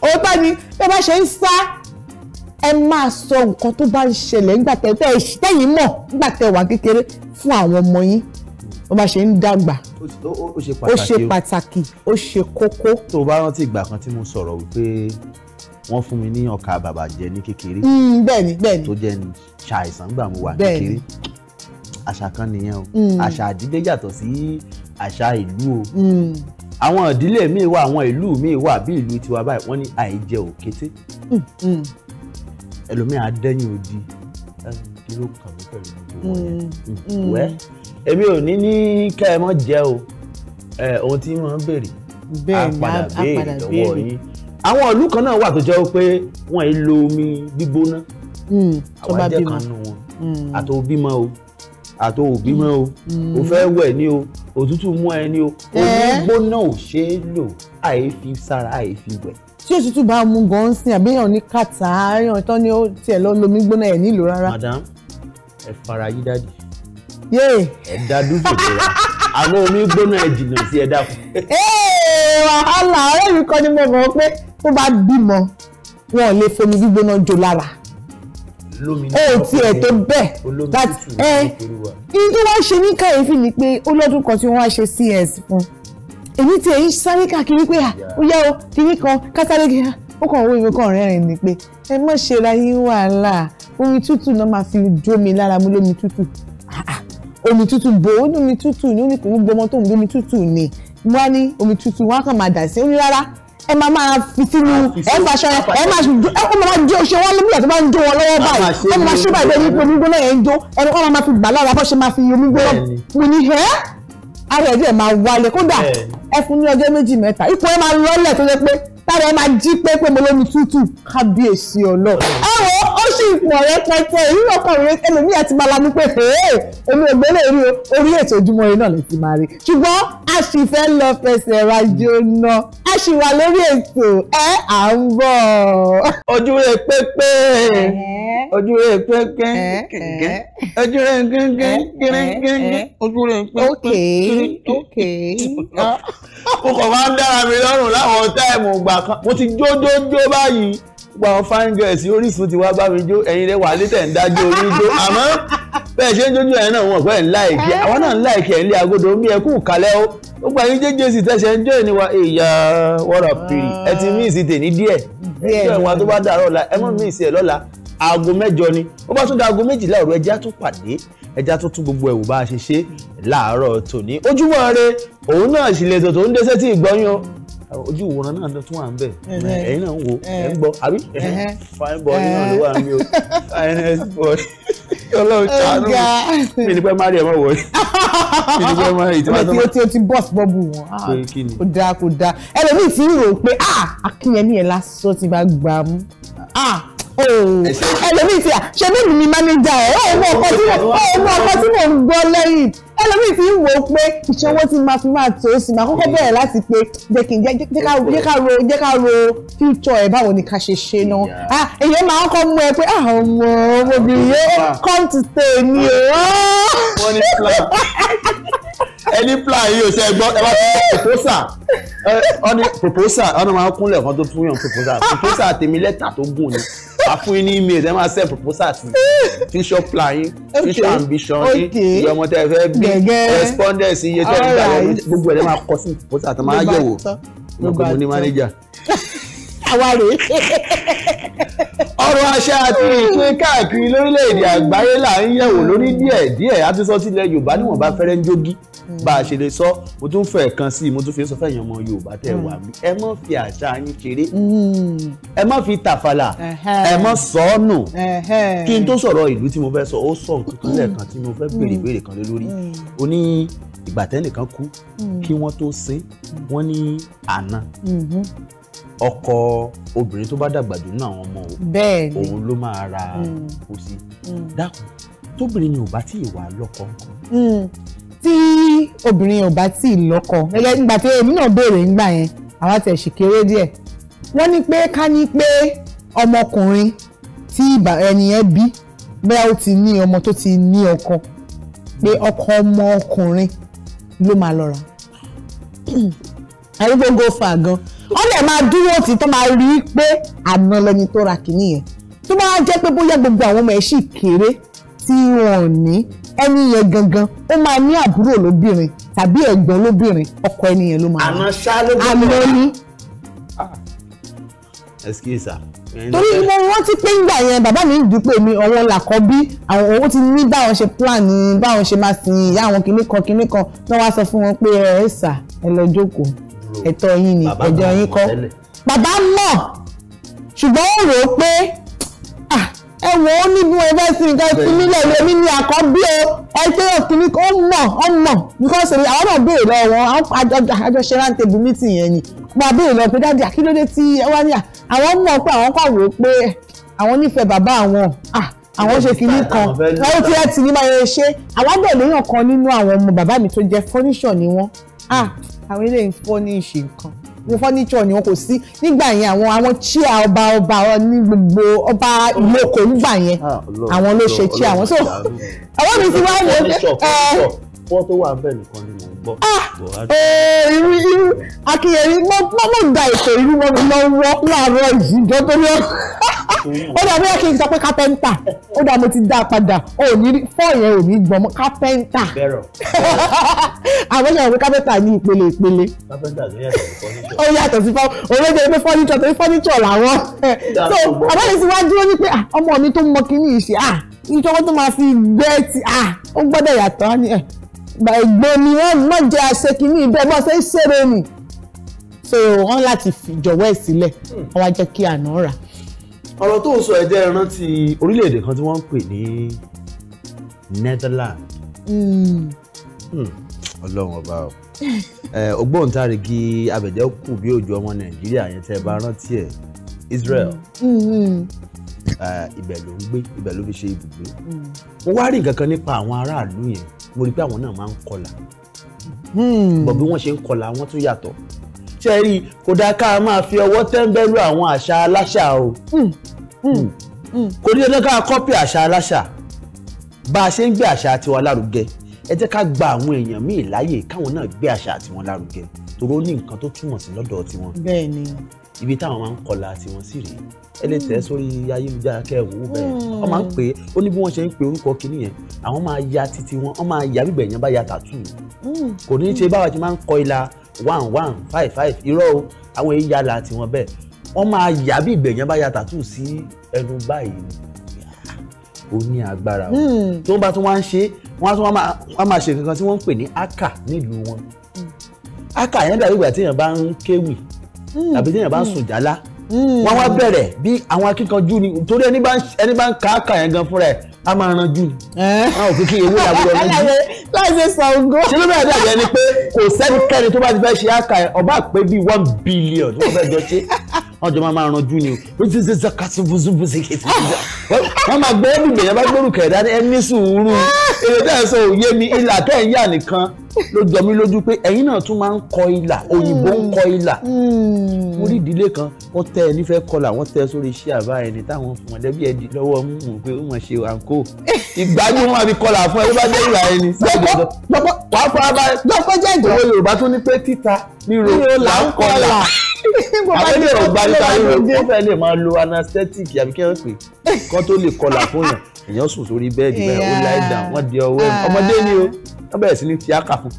òótọ́ ni tó bá ṣe ń sá ẹ máa sọ nǹkan tó bá ń ṣẹlẹ̀ nígbà tẹ́ tẹ́ ẹ̀yìn mọ̀ nígbà tẹ́ wà kékeré fún àwọn ọmọ yín ó bá ṣe ń dàgbà ó ṣe pàtàkì ó ṣe kókó. tó o bá rántí ìgbà kan tí mo sọ̀rọ̀ wípé wọ́n fún mi ní ọkà bàbà jẹ ní kékeré. Mm, bẹ́ẹ̀ni bẹ́ẹ̀ni tó jẹ́ ṣàìsàn gbà mo wà kékeré àṣà kan nìyẹn o mm. àṣà àdílé yàtọ̀ sí àṣà ìlú o mm. àwọn ìdílé míì wà àwọn ìlú míì wà bí ìlú tiwa báyìí wọ́n ní àìjẹ òkété ẹlòmíì á dẹ́yìn odi kí ló kàn pẹ̀lú gbogbo wọn yẹn wẹ́ẹ́ èmi ò ní ní kẹ́ ẹ mọ́ jẹ́ o ohun tí wọ́n ń béèrè àpadà béèrè lọ́wọ́ yín àwọn ìlú kan náà wà tó jẹ́ pé wọ́n ń lo omi gbígbóná hmm, àwọn ẹ̀jẹ̀ kan nù wọn àtò hmm. bímọ o àtò òbímọ o hmm. o fẹ́ wẹ̀ ni o òtútù mú ẹ ni o omi gbóná ò ṣeé lò àìfi sára àìfi wẹ̀ tí òtútù bá mú gan sí àbíyàn ní kàtà àárín ọ̀tọ́ ni ó tiẹ̀ lọ lomi gbóná ẹ̀ nílò rárá. madam ẹ fara yí dáàdì ẹ̀dá dúdú tó ra àmọ́ omi gbóná ẹ̀ jìnnà sí ẹ̀dá fún. wàhálà ọ̀rẹ́ mi kan ni mo mọ̀ pé tó bá bímọ wọn ò lè fomi gbígbóná jó lára ó tiẹ̀ tó bẹ́ẹ̀ láti ẹ ní tó wá ṣe ní kàyéfì ni pé ó lọ́dún kan tí wọ́n wá ṣe cs fún èmi tiẹ̀ ń sáré káàkiri pé ó yá o kìíní kan kásáré kí ó kàn owó ìwé kan rẹ́rìn ni pé ẹ má ṣe ra yín wàhálà omi tútù náà máa fi jó mi lára mú lómi tútù omi tútù bò ó ní omi tútù ní oníkò gbogbo ọmọ tó ń gbómi tútù ni wọ́n á ní omi tútù wọ́n á kàn máa dà sí ó ní rárá ẹ máa máa fi sínú ẹ máa ṣọ ẹ máa ẹ kó máa jó ṣe wọn lóbi àti máa jó wọn lọ́wọ́ báyìí ẹ máa ṣe báyìí bẹ́ẹ̀ ní omi gbóná yẹn ń jó ẹni wọn máa fi gbà lára bó máa fi omi gbóná mo ní ẹ ara ẹ̀ díẹ̀ máa wálé kódà ẹ fún ní ọjọ́ méjì mẹ́ta ipò ẹ máa lọ́lẹ̀ tó jẹ́ pé táwọn ẹ máa jí pé pé mo lómi tútù kábíyèsí ọlọ. ẹ wo ó sì mọ̀ rẹ pẹ́pẹ́ èyí náà kàn rí ẹlòmíì àti balamu pé ee omi ògbé lè rí orí ètò ojúmọ́ yìí náà lè ti máa rí ṣùgbọ́n a sì fẹ́ lọ fẹsẹ̀ rajo náà a sì wà lórí ètò ẹ à ń bọ̀. ojúre pépé ojúre pépé kẹ̀kẹ́ ojúre gẹ́gẹ́ gẹ́gẹ́ ojúre pépé. ó kàn máa ń dára mi lọ́rùn láwọn táìmù gbà kan mo ti jó jó jó báyìí gbogbo àwọn fine girls Orísun ti wá bá mi jó ẹ̀yin rẹ̀ wà létẹ̀ ń dájú orí jó àmọ́ bẹ́ẹ̀ ṣe ń jójú ẹ̀ náà wọn pẹ́ ń láìkí àwọn náà ń láìkí ẹ̀ ń lé agodo mi ẹ̀ kú kalẹ́ o gbogbo àyín jẹ́jẹ́ sì tẹ̀sẹ̀ ń jọ́ ìníwá ìyá wọ́rọ̀ pìrì ẹ ti mí ìsìtè ní díẹ̀ ẹjọ́ ìwà tó bá dàrọ̀ la ẹ mọ̀ mí ìsì ẹ̀ lọ́la aago mẹ́jọ ni ó bá tún da aago méjìlá òru ẹja tó pàdé ẹja tó tún gbogbo ẹ̀wù bá a ṣe ṣe láàárọ̀ tòní ojúmọ́ ire òun náà sì lè tòtò ń dé sétí ìgbọ́yún ojú ìwòran náà tún wà ń bẹ ẹ̀yin náà ń wo ẹ ń gbọ́ àbí fine body náà ló wà ń bí o finest body Ọlọ́run ṣàánú mi ni pé má rí ẹ mọ wọ mi ni pé má rí ìtura tó bá tí o ti bọ́s bọ́ọ̀bù wọn ah, kò dáa kò dáa ẹlòmíì ti ń rò pé ah, akínyẹmí ẹ lásán ti máa gbà ẹlòmíì ti à ṣe bẹ́ẹ̀ ni mánéjà ẹ̀ ẹ̀ mọ ọkọ tí mò ń gbọ́ lẹ́yìn ẹlòmíì ti ń wò ó pé ìṣòwò ti máa fi máa tó sí máa kọ́kọ́ mm. bẹ̀rẹ̀ láti pé jẹ́ kí n jẹ́ ká ro jẹ́ ká ro future ẹ̀ báwo ni ká ṣe ṣe náà èyí máa ń kọ́ mú ẹ pé àwọn ah, ọmọ obìnrin yóò come to stay ni o. wọ́n ní plan ẹni plan yìí ò ṣe gbọ́ ẹ bá ti kọ́ proposal ọ ní proposal ọ ní máa kúnlẹ̀ kan tó fún yàn proposal proposal tèmi lẹ́tà tó gùn ni àfún yín ní email ẹ máa send proposal sí future plan yín future ambition yín iye ọmọ tẹ́ fẹ́ bí correspondence iye tẹ́ gbà lẹ́yìn gbogbo ẹ̀ máa kọ sí proposal tó máa yẹ̀wò lọ́kọ̀ mo ní manager. (laughs) àwa rèé ọrọ̀ àṣà àti ìpín káàkiri lórílẹ̀ àgbáyé là ń yẹ̀wò lórí díẹ̀ díẹ̀ àtúnṣọ́ tilẹ̀ Yorùbá níwọ̀nba fẹ́rẹ́ ń jógí Mm. bá a ṣe lè sọ mo tún fẹ́ kan sí i mo tún fi sọ fẹ́yìn ọmọ Yorùbá tẹ̀ wá mi mm. ẹ má fi àṣà yín ṣeré mm. ẹ má fi tàfàlà ẹ má sọ ọ́ nù kí n tó sọ̀rọ̀ ìlú tí mo fẹ́ sọ ó sọ nǹkan kan lẹ́ẹ̀kan tí mo fẹ́ béèrè béèrè kan lé lórí ó ní ìgbà tẹ́nìkan kú kí wọ́n tó sin wọ́n ní àná mm-hmm. ọkọ obìnrin tó bá dàgbà jù nínú àwọn ọmọ òun ló máa ra kó dákun tóbìnrin ni tí ì wà lọ́kọ tí obìnrin ò bá tí ì lọ́kọ gẹ́gẹ́ nígbà tí èmi náà béèrè ńgbà yẹn àwa tẹ̀ sì kéré díẹ̀ wọ́n ní pé ká ní pé ọmọkùnrin tí ẹni yẹn bí bóyá ó ti ní ọmọ tó ti ní ọkọ pé ọkọ ọmọ ọkùnrin ló máa lọ rà ẹ̀rí gbogbo fà gan wọ́n lè máa dúró tí tó máa rí i pé àná lẹni tó ra kìíní yẹn tó máa jẹ́ pé bóyá gbogbo àwọn ọmọ ẹ̀ sì kéré tí wọn ní ẹni yẹn gangan ó máa ní àbúrò lóbìnrin tàbí ẹ̀gbọ́n lóbìnrin ọkọ ẹni yẹn ló máa ní. àmọ́ ṣá ló bí wọn. àmọ́ ní. excuse her torí mo rántí pé ńgbà yẹn bàbá mi dúpẹ́ mi ọwọ́ làkọ́ bí àwọn ó ti ní báwọn ṣe plan ní báwọn ṣe máa sin ìyá àwọn kinní kan kinní kan náà wá sọ fún wọn pé ẹ sà ẹ lọ jókòó ẹ̀tọ́ yín ni ẹjọ́ yín kọ́ bàbá mọ̀ ṣùgbọ́n ó rò ó pé ẹ wò ó nínú ẹgbẹ́ sí nǹkan ti nílẹ̀ lèmi ni àkọ́bí o ẹgbẹ́ òkìní ó mọ̀ ó mọ̀ because èmi àwọn náà béèrè lọ́wọ́ àjọṣe rántébù meeting yẹn ni mo béèrè lọ pé dáàdì àkíndóde tí ẹ wá ní à àwọn mọ̀ pé àwọn kàn wò ó pé àwọn nífẹ̀ẹ́ bàbá àwọn àwọn ṣe kìíní kan láyé tí ẹ ti ní máa yẹ ṣe àwọn bẹ̀rẹ̀ léèyàn kan nínú àwọn ọmọ bàbá mi tó jẹ́ fọ́níṣọ̀ ni wọ́n àwọn eléyìí fọ́níṣì nǹkan ní fọ́níṣọ̀ ni wọn kò sí nígbà yẹn àwọn àwọn chia ọba ọba ní gbogbo ọba ìlókò nígbà yẹn ah, àwọn ló ṣe chia wọn so (laughs) àwọn mi ti wá wọ ẹ. fọ́n tó wà bẹ́ẹ̀ nìkan ni mo gbọ́. Ah! Eh, irú irú akínyẹ̀rí mọ́mọ́ gba ètò irú mọ́ mi lọ́wọ́ láàárọ̀ ìjìjọ́ tó lọ. ó dàbí ẹ̀ kí n sọ pé kápẹ́ńtà ó dàbí mo ti dá a padà fọ́ọ̀yẹ̀ ò ní gbọ́n mọ́ kápẹ́ńtà. (laughs) àwọn ìṣòro kápẹ́ńtà ní ìpele ìpele. kápẹ́ńtà ló yàtọ̀ sí fọ́níṣọ̀. ó yàtọ̀ sí fọ́níṣọ̀ torí fọ́níṣọ̀ làwọn. so bàbá mi ti wá dúró ní pé ah, ọmọ mi tó mọ kíní ìṣe ìjọba ah, tó máa fi gbẹ́ ti ó gbọ́dọ̀ yàtọ̀ á ní ẹ̀ eh, ìgbé ni wọ́n mọ̀ jẹ́ àṣekínní ibẹ̀ bọ́ ṣe ń ṣeré nì so wọ́n láti jọ̀wọ́ ẹ̀ sílẹ̀ hmm. wọ́n wá jẹ́ kí àná rà. ọ̀rọ̀ tó ń sọ ẹ̀jẹ̀ rántí orílẹ̀-èdè kan tí wọ́n ń pè ní Netherlands hmm. Hmm. ọlọ́run ọba o (laughs) eh, ògbóǹtarìgì abẹ̀jẹ̀ kù bí òjò ọmọ nàìjíríà yẹn tẹ́ ẹ bá rántí ẹ̀ Israel ibẹ̀ ló ń gbé ibẹ̀ ló fi ṣe ibùgbé hmm. mo wá rí nǹkan kan nípa àwọn aráàlú yẹn mo rí pé àwọn náà máa ń kọlà hmm. bọ̀ bí wọ́n ṣe ń kọlà wọ́n tún yàtọ̀ ṣe rí kódà ká máa fi ọwọ́ tẹ́ńbẹ́lú àwọn àṣà aláṣà o hmm. kò ní dandan ká kọ́pì àṣà aláṣà bá a ṣe ń gbé àṣà tiwa lárugẹ ẹ jẹ́ ká gba àwọn èèyàn míì láàyè káwọn náà gbé àṣà tiwọn lárugẹ torí ní nǹkan tó túmọ̀ sí lọ́dọ̀ tiwọn. bẹ́ẹ̀ ibi táwọn máa ń kọlà tiwọn sí rèé ẹ lè hmm. tẹ̀ sórí ayélujára kẹwò bẹ́ẹ̀ wọ́n máa ń hmm. pè é ó ní bí wọ́n ṣe ń pe orúkọ kìíní yẹn àwọn máa ya títí wọn wọ́n máa ya bíbẹ̀ yẹn bá ya tàtù hmm. kò ní í ṣe báwa ṣe máa ń kọ ìlà one one five five irọ́ o àwọn èyí yàrá tiwọn bẹ́ẹ̀ wọ́n máa ya bíbẹ̀ yẹn bá ya tàtù sí ẹnu báyìí ó ní agbára o tó bá tún wá ń ṣe wọ́n á tún wá máa ṣe nǹkan tí wọ́n ń pè ní aka nílùú wọn aka yẹn dàbí ìgbà tí èèyàn bá ń kéwì Hmm. àbí téèyàn bá hmm. sùn jálá hmm. wọ́n wá bẹ̀rẹ̀ bí àwọn akíkanjú ni torí ẹni bá ń kàákà yẹn gan fúnra ẹ̀ a máa ranjú ni wọn eh. ò fi kí ewé làwùjọ ranjú láìsí Ṣàngó ṣé ló bẹ̀rẹ̀ dàbí ẹni pé kò sẹ́nikẹ́ni tó bá ti fẹ́ ṣe àkà ẹ̀ ọba pé bíi one billion tó fẹ́ jọ ṣe wọn máa máa ranjú ni o wọn máa gbọ́ bìbẹ̀ yẹn bá gbórúkẹ̀ dání ẹ ní sùúrù èrè tẹ́ ẹ sọ òye mi ìlà tẹ́ ẹ ń yà nìkan ló jọ mí lójú pé ẹ̀yin náà tún máa ń kọ ìlà òyìnbó ń kọ ìlà hmm. mo rí ìdílé kan wọ́n tẹ ẹ nífẹ̀ẹ́ kọlà wọ́n tẹ ẹ sórí iṣẹ́ àbá ẹni táwọn fún ẹlẹ́bí ẹ̀dì lọ́wọ́ mú un pé ó mọ̀ ṣe àǹkó ìgbájú wọn àbí kọlà fún ẹ ló bá jẹ́ ìlà ẹni. wàá fara balẹ̀. lọ́pọ̀ jẹ́ ìjọba Yorùbá tún ní pé títa ní ro là ń kọlà àwọn èrò gbarita yìí wọ́n fẹ́ lè máa lo anesthetic àbí kí wọ́n pè kán tó lè kọlà fún yàn èèyàn sùn sórí bẹ́ẹ̀dì bẹ́ẹ̀ ó láì dàn wọ́n di ọwọ́ ẹ̀ ah. ọmọdé ni o wọ́n bẹ̀rẹ̀ sí ní ti áka fún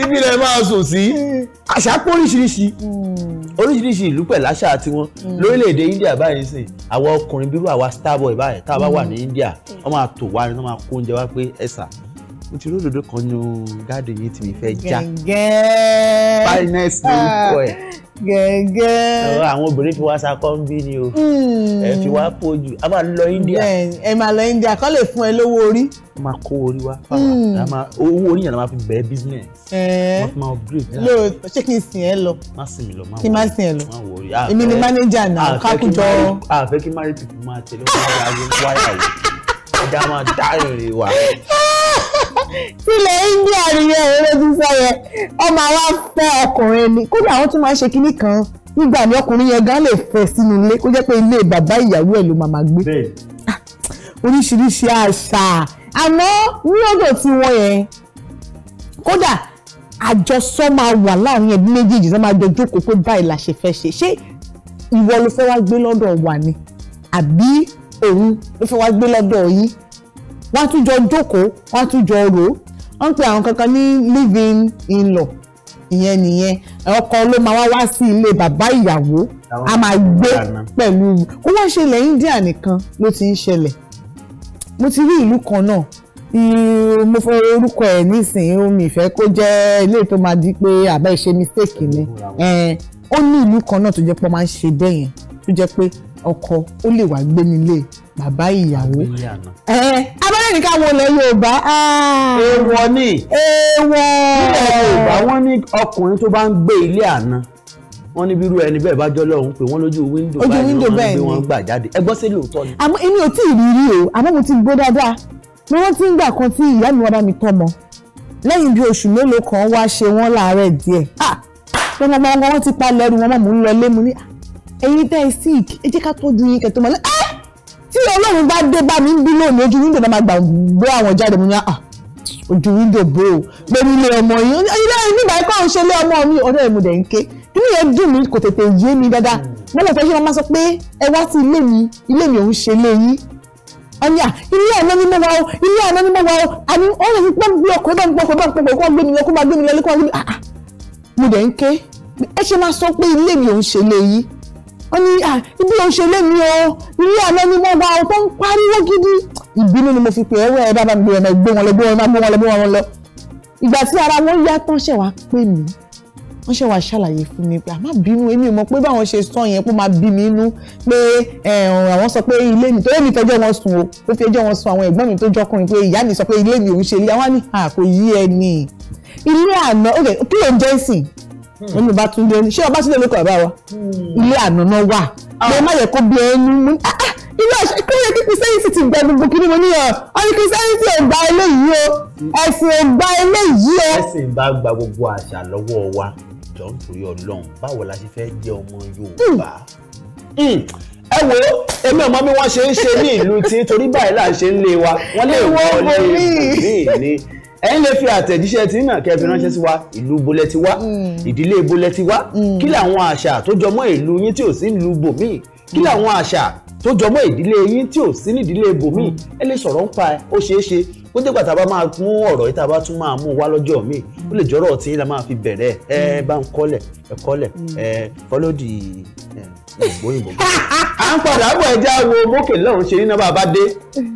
ibi rẹ̀ máa sùn sí àṣà pọ̀ oríṣiríṣi oríṣiríṣi ìlú pẹ̀lú àṣà tiwọn lórílẹ̀‐èdè India báyìí sìn àwọn ọkùnrin bírú àwa starboy báyìí tá a bá wà ní India wọ́n máa tò wá ni wọ́n máa kó oúnjẹ wá pé ẹ̀sà mo ti ródòdó kan nu gáàdì yìí tí mi fẹ́ já finance lórúkọ ah, ẹ̀ gẹ́gẹ́ àwọn obìnrin fi wá sakọ́ ń bí ni o hmm. ẹ fi wá pójú a máa lọ India ẹ máa lọ India kọ́ lè fún ẹ lówó orí. wọ́n máa kó orí wá fáwọn hmm. owó orí yẹn la máa fi bẹ̀ẹ́ business wọ́n fi máa upgrade. lóòótọ́ ṣé kí n sìn ẹ lọ má sìn mí lọ má wọ kí n má sìn ẹ lọ èmi ni manager náà kákùjọ. àfẹ́ kí marriage people máa tẹ̀lé wọn wáyà yìí ọjà máa dá ìrìn wa. (laughs) sílẹ̀ india nìyẹn èrè sísọ yẹn ọmọ àwa fẹ́ ọkùnrin ni kódà àwọn tún máa ṣe kinní kan nígbà ní ọkùnrin yẹn gan lè fẹ́ sínú ilé kó jẹ́ pé ilé bàbá ìyàwó ẹ̀ ló máa máa gbé ah, oríṣiríṣi àṣà àmọ́ ní ọ̀dọ̀ tí wọ́n yẹn kódà àjọsọ máa wà láàrin ẹbí méjèèjì tó máa jọ jókòó pé báyìí la ṣe fẹ́ ṣe ṣé ìwọ ló fẹ́ wá gbé lọ́dọ̀ wa ni àbí òun ló fẹ́ wá gbé lọ́dọ̀ yín wọ́n á tún jọ jókòó wọ́n á tún jọ rò ó wọ́n ń pe àwọn kankan ní living in law ìyẹn nìyẹn ọkọ ló máa wá wá sí ilé bàbá ìyàwó a máa gbé pẹ̀lú kó wá ṣẹlẹ̀ India nìkan ló ti ń ṣẹlẹ̀ mo ti rí ìlú kan náà mo fẹ́ orúkọ ẹ̀ nísìnyí omi ìfẹ́ kó jẹ́ ilé tó máa di pé àbẹ́ ṣe mistake ni ó ní ìlú kan náà tó jẹ́ pé ó máa ń ṣe bẹ́ẹ̀ yẹn tó jẹ́ pé ọkọ ó lè wá gbé nílé bàbá ìyàwó abẹ́rẹ́ ní ká wo ilẹ̀ Yorùbá. Ah. èèwọ̀ ni èèwọ̀ ilẹ̀ Yorùbá wọ́n ní ọkùnrin tó bá ń gbé ilé àná wọ́n ní bírú ẹni bẹ́ẹ̀ bá jọlọ òun pé wọ́n lójú wíńdò báyìí wọ́n ní bí wọ́n gbà jáde ẹ sí lóòótọ́ ni. àmọ́ èmi ò tí ì rí rí o àmọ́ mo ti gbọ́ dáadáa ni wọ́n ti ń gbà kan tí ìyá mi wá bá mi tọ́mọ lẹ́yìn bíi oṣù mélòó kan wá ṣe wọ́n láàárẹ̀ díẹ̀ lọ́mọ ọmọ wọn ti palẹ̀ ẹrù wọn mọ̀ mò ń lọ lé mu ní ah, ẹ̀yin tẹ́ ẹ sick ẹ jẹ́ ká tọ́jú yín kẹ́tọ́ mọ́ lẹ́ ah! tí ọlọ́run bá dé bá mi ń bí lónìí ojú wíńdò náà máa gbà gbé àwọn jáde ah, mi ní à ojú wíńdò bò ó pé nílé ọmọ yìí ilé nígbà ẹ̀kọ́ ń ṣe ilé ọmọ mi ọ̀rẹ́ mi dẹ̀ ń ké nínú yẹn dùn mí kò tètè yé mi dáadáa wọ́n lè fẹ́ ṣe wọn máa sọ pé ẹ wá sí ilé mi ilé mi ò ń ṣe ilé yín ọ̀nà ah, ilé àná ni mo wà o ilé àná ni mo wà o àní ọ̀rẹ́ mi pọ́n bí ọkọ̀ bá ń pọ̀ bá ń pọ̀ kó gbé mi lọ kó máa gbé mi lọ kó máa gbé mi lọ ah, mo dẹ̀ ń ké ẹ ṣe máa sọ pé ilé mi ò ń ṣe ilé yín ó ní ah, ibi ò ń ṣe lémi o ilé àná ni wọ́n wá o tó ń pariwo gidi ìbínú ni mo fi pè ẹwẹ́ ẹ bá mi gbé wọn lọ gbé wọn lọ gbé wọn lọ gbé wọn lọ ìgbà tí ara wọn yá tán ṣẹ̀ wá pè mí wọ́n ṣe wá ṣàlàyé fún mi pé àmá bínú èmi ò pé báwọn ṣe sọ yẹn kó máa bí mi inú pé àwọn sọ pé ilé mi tó èmi fẹjọ́ wọn sùn o ó fi ẹjọ́ wọn sùn àwọn ẹ̀gbọ́n mi tó jọkùnrin pé ìyá mi sọ pé ilé mi òun ṣe ilé àwọn àmì àkò yí ẹni ilé àná ok kí ló ń jẹ́ sìn Hmm. nínú Bátúndé ní ṣé Ọbátúndé ló kọ bàbá wa hmm. ilé àná náà wà ah. mo má yẹ kó bí ẹnu mú ah, ah, ilé ọ̀ṣẹ́ kí ló yẹ kí Christianity ti gba gbogbo kí ni mo ní ọ ọdún Christianity ò gba eléyìí o ẹ̀sìn ò gba eléyìí o. ẹ̀sìn bá gba gbogbo àṣà lọ́wọ́ wa jọ nítorí Ọlọ́run báwo la ṣe fẹ́ jẹ́ ọmọ Yorùbá hmm. ẹ wo èmi ọmọ bí wọn ṣe ń ṣe ní ìlú tí torí báyìí là ń ṣe ń lé wa wọn lè wọlé ìlú ẹ̀yin lè fi àtẹ̀jíṣẹ́ tí náà kẹ́ fi ránṣẹ́ sí wa mm. ìlú bolẹ́tí wa mm. ìdílé bolẹ́tí wa mm. kí làwọn àṣà tó jọmọ́ ìlú yín tí ò sí ìlú bòmíì kí làwọn àṣà tó jọmọ́ ìdílé yín tí ò sí nídìílé bòmíì ẹ lè sọ̀rọ̀ ń pa ẹ ó ṣeé ṣe ó dé gbàtà bá máa mú ọ̀rọ̀ yìí tá a bá tún máa mú wá lọ́jọ́ mi ó lè jọ́rọ̀ tí la máa fi bẹ̀rẹ̀ ẹ bá ń kọ́lẹ̀ ẹ kọ́lẹ̀ ẹ fọlọ́dì ìgbóyìnbó. à ń padà bọ̀ ẹ já wo mókè lọ́hùn ṣe ní náà bá a bá dé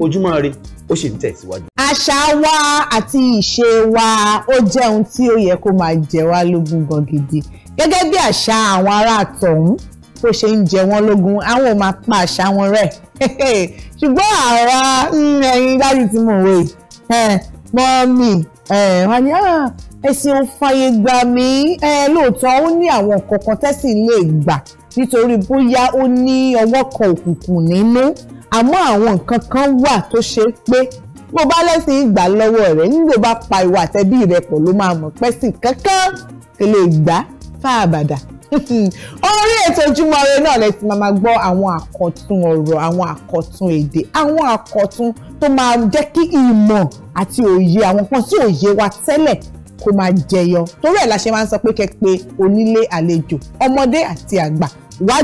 ojúmọ́ ire ó sì ń tẹ̀síwájú àṣà wa àti ìṣe wa ó jẹ́ ohun tí ó yẹ kó máa jẹ wá lógún gan gidi gẹ́gẹ́ bí àṣà àwọn ará àtọ̀hún bó ṣe ń jẹ wọ́n lógún àwọn ò máa pa àṣà wọn rẹ́ (laughs) ṣùgbọ́n àwa hmm, ẹ̀yin dájú tí mò ń wé eh, mọ́mì eh, wọ́n ní ah, ẹ̀sìn ò fàyè gbà mí eh, lóòótọ́ ó ní àwọn kọ̀ọ̀kan tẹ́sìn lè gbà nítorí bóyá ó ní ọwọ́ kan òkùnkùn nínú àmọ́ àwọn nǹkan kan wà tó ṣe pé bó bá lẹ́sìn ìgbà lọ́wọ́ rẹ̀ nígbà bá pa ìwà àtẹ̀bí rẹ̀ pọ̀ ló máa mọ̀ pẹ́sìn kankan kò lè gbà fáàbàdà (laughs) orí ètò Ojúmọ́ Ire náà lẹ ti máa gbọ́ àwọn àkọ̀tun ọ̀rọ̀ àwọn àkọ̀tun èdè àwọn àkọ̀tun tó máa jẹ́ kí ìmọ̀ àti òye àwọn kan tí òye wa tẹ́lẹ̀ kó máa jẹyọ torí ẹ̀ la ṣe máa ń sọ pé kẹ́pẹ́ onílé àlejò ọmọdé àti àgbà wá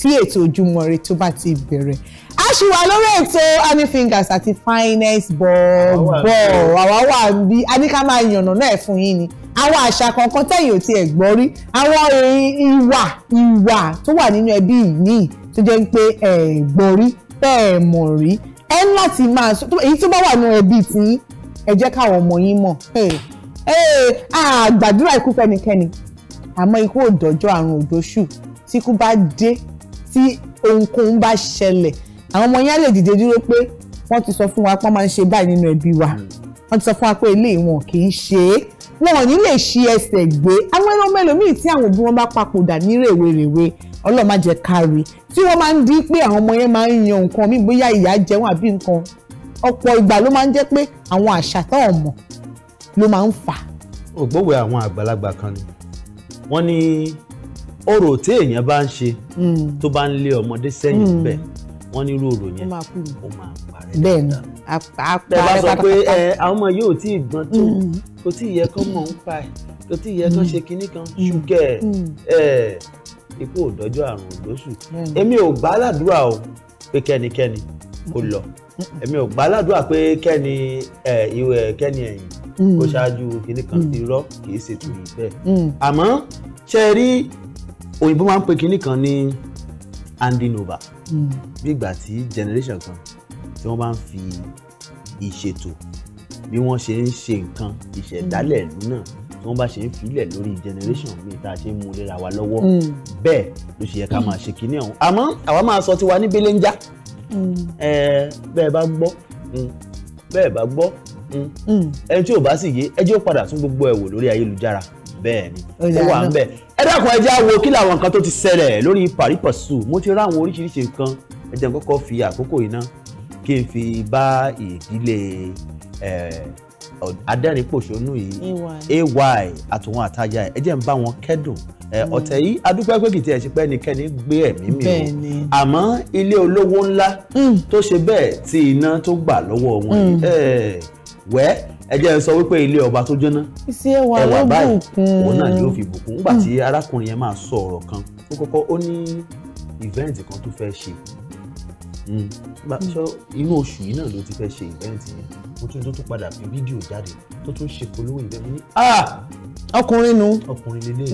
tí ètò Ojúmọ́ Ire tó bá ti bẹ̀rẹ̀ ṣì wà lórí ètò honey fingers àti finest ball àwa wà bí aníkà máa yànnà náà fún yín ni àwọn àṣà kankan tẹ̀yìn ò tiẹ̀ gbọ́ rí àwọn ìwà ìwà tó wà nínú ẹbí yìí tó jẹ́ pé ẹ̀ gbọ́ rí tẹ́ ẹ̀ mọ̀ rí ẹ ń láti máa sọ èyí tó bá wà nínú ẹbí tí ẹ jẹ́ káwọn ọmọ yín mọ̀ àgbàdúrà ikú fẹ́nikẹ́ni àmọ́ ikú òdòjọ́ àrùn òdòṣù tí ikú bá dé tí ohunkóhun bá ṣẹlẹ̀ àwọn ọmọ yẹn á lè dìde dúró pé wọ́n ti sọ fún wa pé wọ́n máa ń ṣe báyìí nínú ẹbí wa hmm. wọ́n ti sọ fún wa pé ilé ìwọ̀n kì í ṣe é wọn ò ní lè ṣi ẹsẹ̀ gbé àwọn ẹran mẹ́lòmíì tí àwọn òbí wọn bá papòdà ní rèwerèwe Ọlọ́run má jẹ́ kárí tí wọ́n máa ń dín pé àwọn ọmọ yẹn máa ń yan nǹkan míì bóyá ìyá jẹun àbí nǹkan ọ̀pọ̀ ìgbà ló máa ń jẹ́ pé àwọn àṣà tó ọ̀mọ̀ ló máa ń fà. ògbówó àwọn àgbàlagbà kan ni wọ́n ní orò èèyàn bá ń ṣe hmm. tó bá ń lé ọmọdé sẹ́yìn hmm. bẹ́ẹ̀ wọ́n ní ròrò yẹn ó máa parẹ́ bẹ́ẹ̀ ni àpárẹ́ pátápátá. tẹ bá sọ pé ẹ àwọn ọmọ yóò tí ì gbọ́n tó mm. kò tí ì yẹ kán mọ̀ ń pa ẹ̀ kò tí ì yẹ kán mm. ṣe kinní kan mm. ṣúgẹ̀ ẹ̀ ikú òdọ́jọ́ àrùn òdóṣù èmi ò gbà ládùúrà o pé kẹ́nikẹ́ni kò lọ èmi ò gbà ládùúrà pé kẹ́ni ẹ̀ ìwé kẹ́ni ẹ̀yìn kó ṣáájú kinní kan ti rọ́ kì í ṣètò ìfẹ́ àmọ́ ṣe rí òyìnbó máa ń pe kinní kan ní. Ni handing over hmm. bí ìgbà tí generation kan tí wọ́n bá ń fi ìṣètò bí wọ́n ṣe ń ṣe nǹkan ìṣẹ̀dálẹ̀ ìlú hmm. náà tí wọ́n bá ṣe ń filẹ̀ lórí generation mi tá a ṣe ń mú lera wa lọ́wọ́ hmm. bẹ́ẹ̀ ló ṣe yẹ ká máa ṣe kinní ọ̀hún àmọ́ àwa máa sọ tiwa ní belenja bẹ́ẹ̀ bá gbọ́ bẹ́ẹ̀ bá gbọ́ ẹni tí ò bá sì yé ẹjọ́ padà tún gbogbo ẹ̀ wò lórí ayélujára bẹ́ẹ̀ ni ó wà ń bẹ̀ ẹ dákun ẹjẹ́ á wo kí làwọn nǹkan tó ti ṣẹlẹ̀ lórí pari pursuit mo ti rá àwọn oríṣiríṣi nǹkan ẹjẹ́ n kọ́kọ́ fi àkókò yìí ná kí n fi bá ìdílé adẹ́rìnpòṣónú yìí ay àtòwọn àtajà ẹ jẹ́ ń bá wọn kẹ́dùn ọ̀tẹ̀ yìí adúpẹ́ pé kìtì ẹ̀sìn pé ẹnikẹ́ni gbé ẹ̀mí mi o àmọ́ ilé olówó ńlá mm. tó ṣe bẹ́ẹ̀ tí iná tó gbà lọ́wọ́ wọn mm. wẹ́ẹ́ ẹ jẹ́ ẹ sọ wípé ilé ọba tó jóná ẹwà báyìí òun náà ni ó fi bùkún nígbà tí hmm. arákùnrin yẹn máa sọ ọ̀rọ̀ kan ó kọ́kọ́ ó ní ìvẹ́ǹtì kan tó fẹ́ ṣe hmm. Hmm. inú oṣù yìí náà ló ti fẹ́ ṣe ìvẹ́ǹtì yẹn mo tún tó tún padà fi fídíò jáde tó tún ṣe polówó ìvẹ́ǹtì ní ah! ọkùnrin nu ọkùnrin lélẹ̀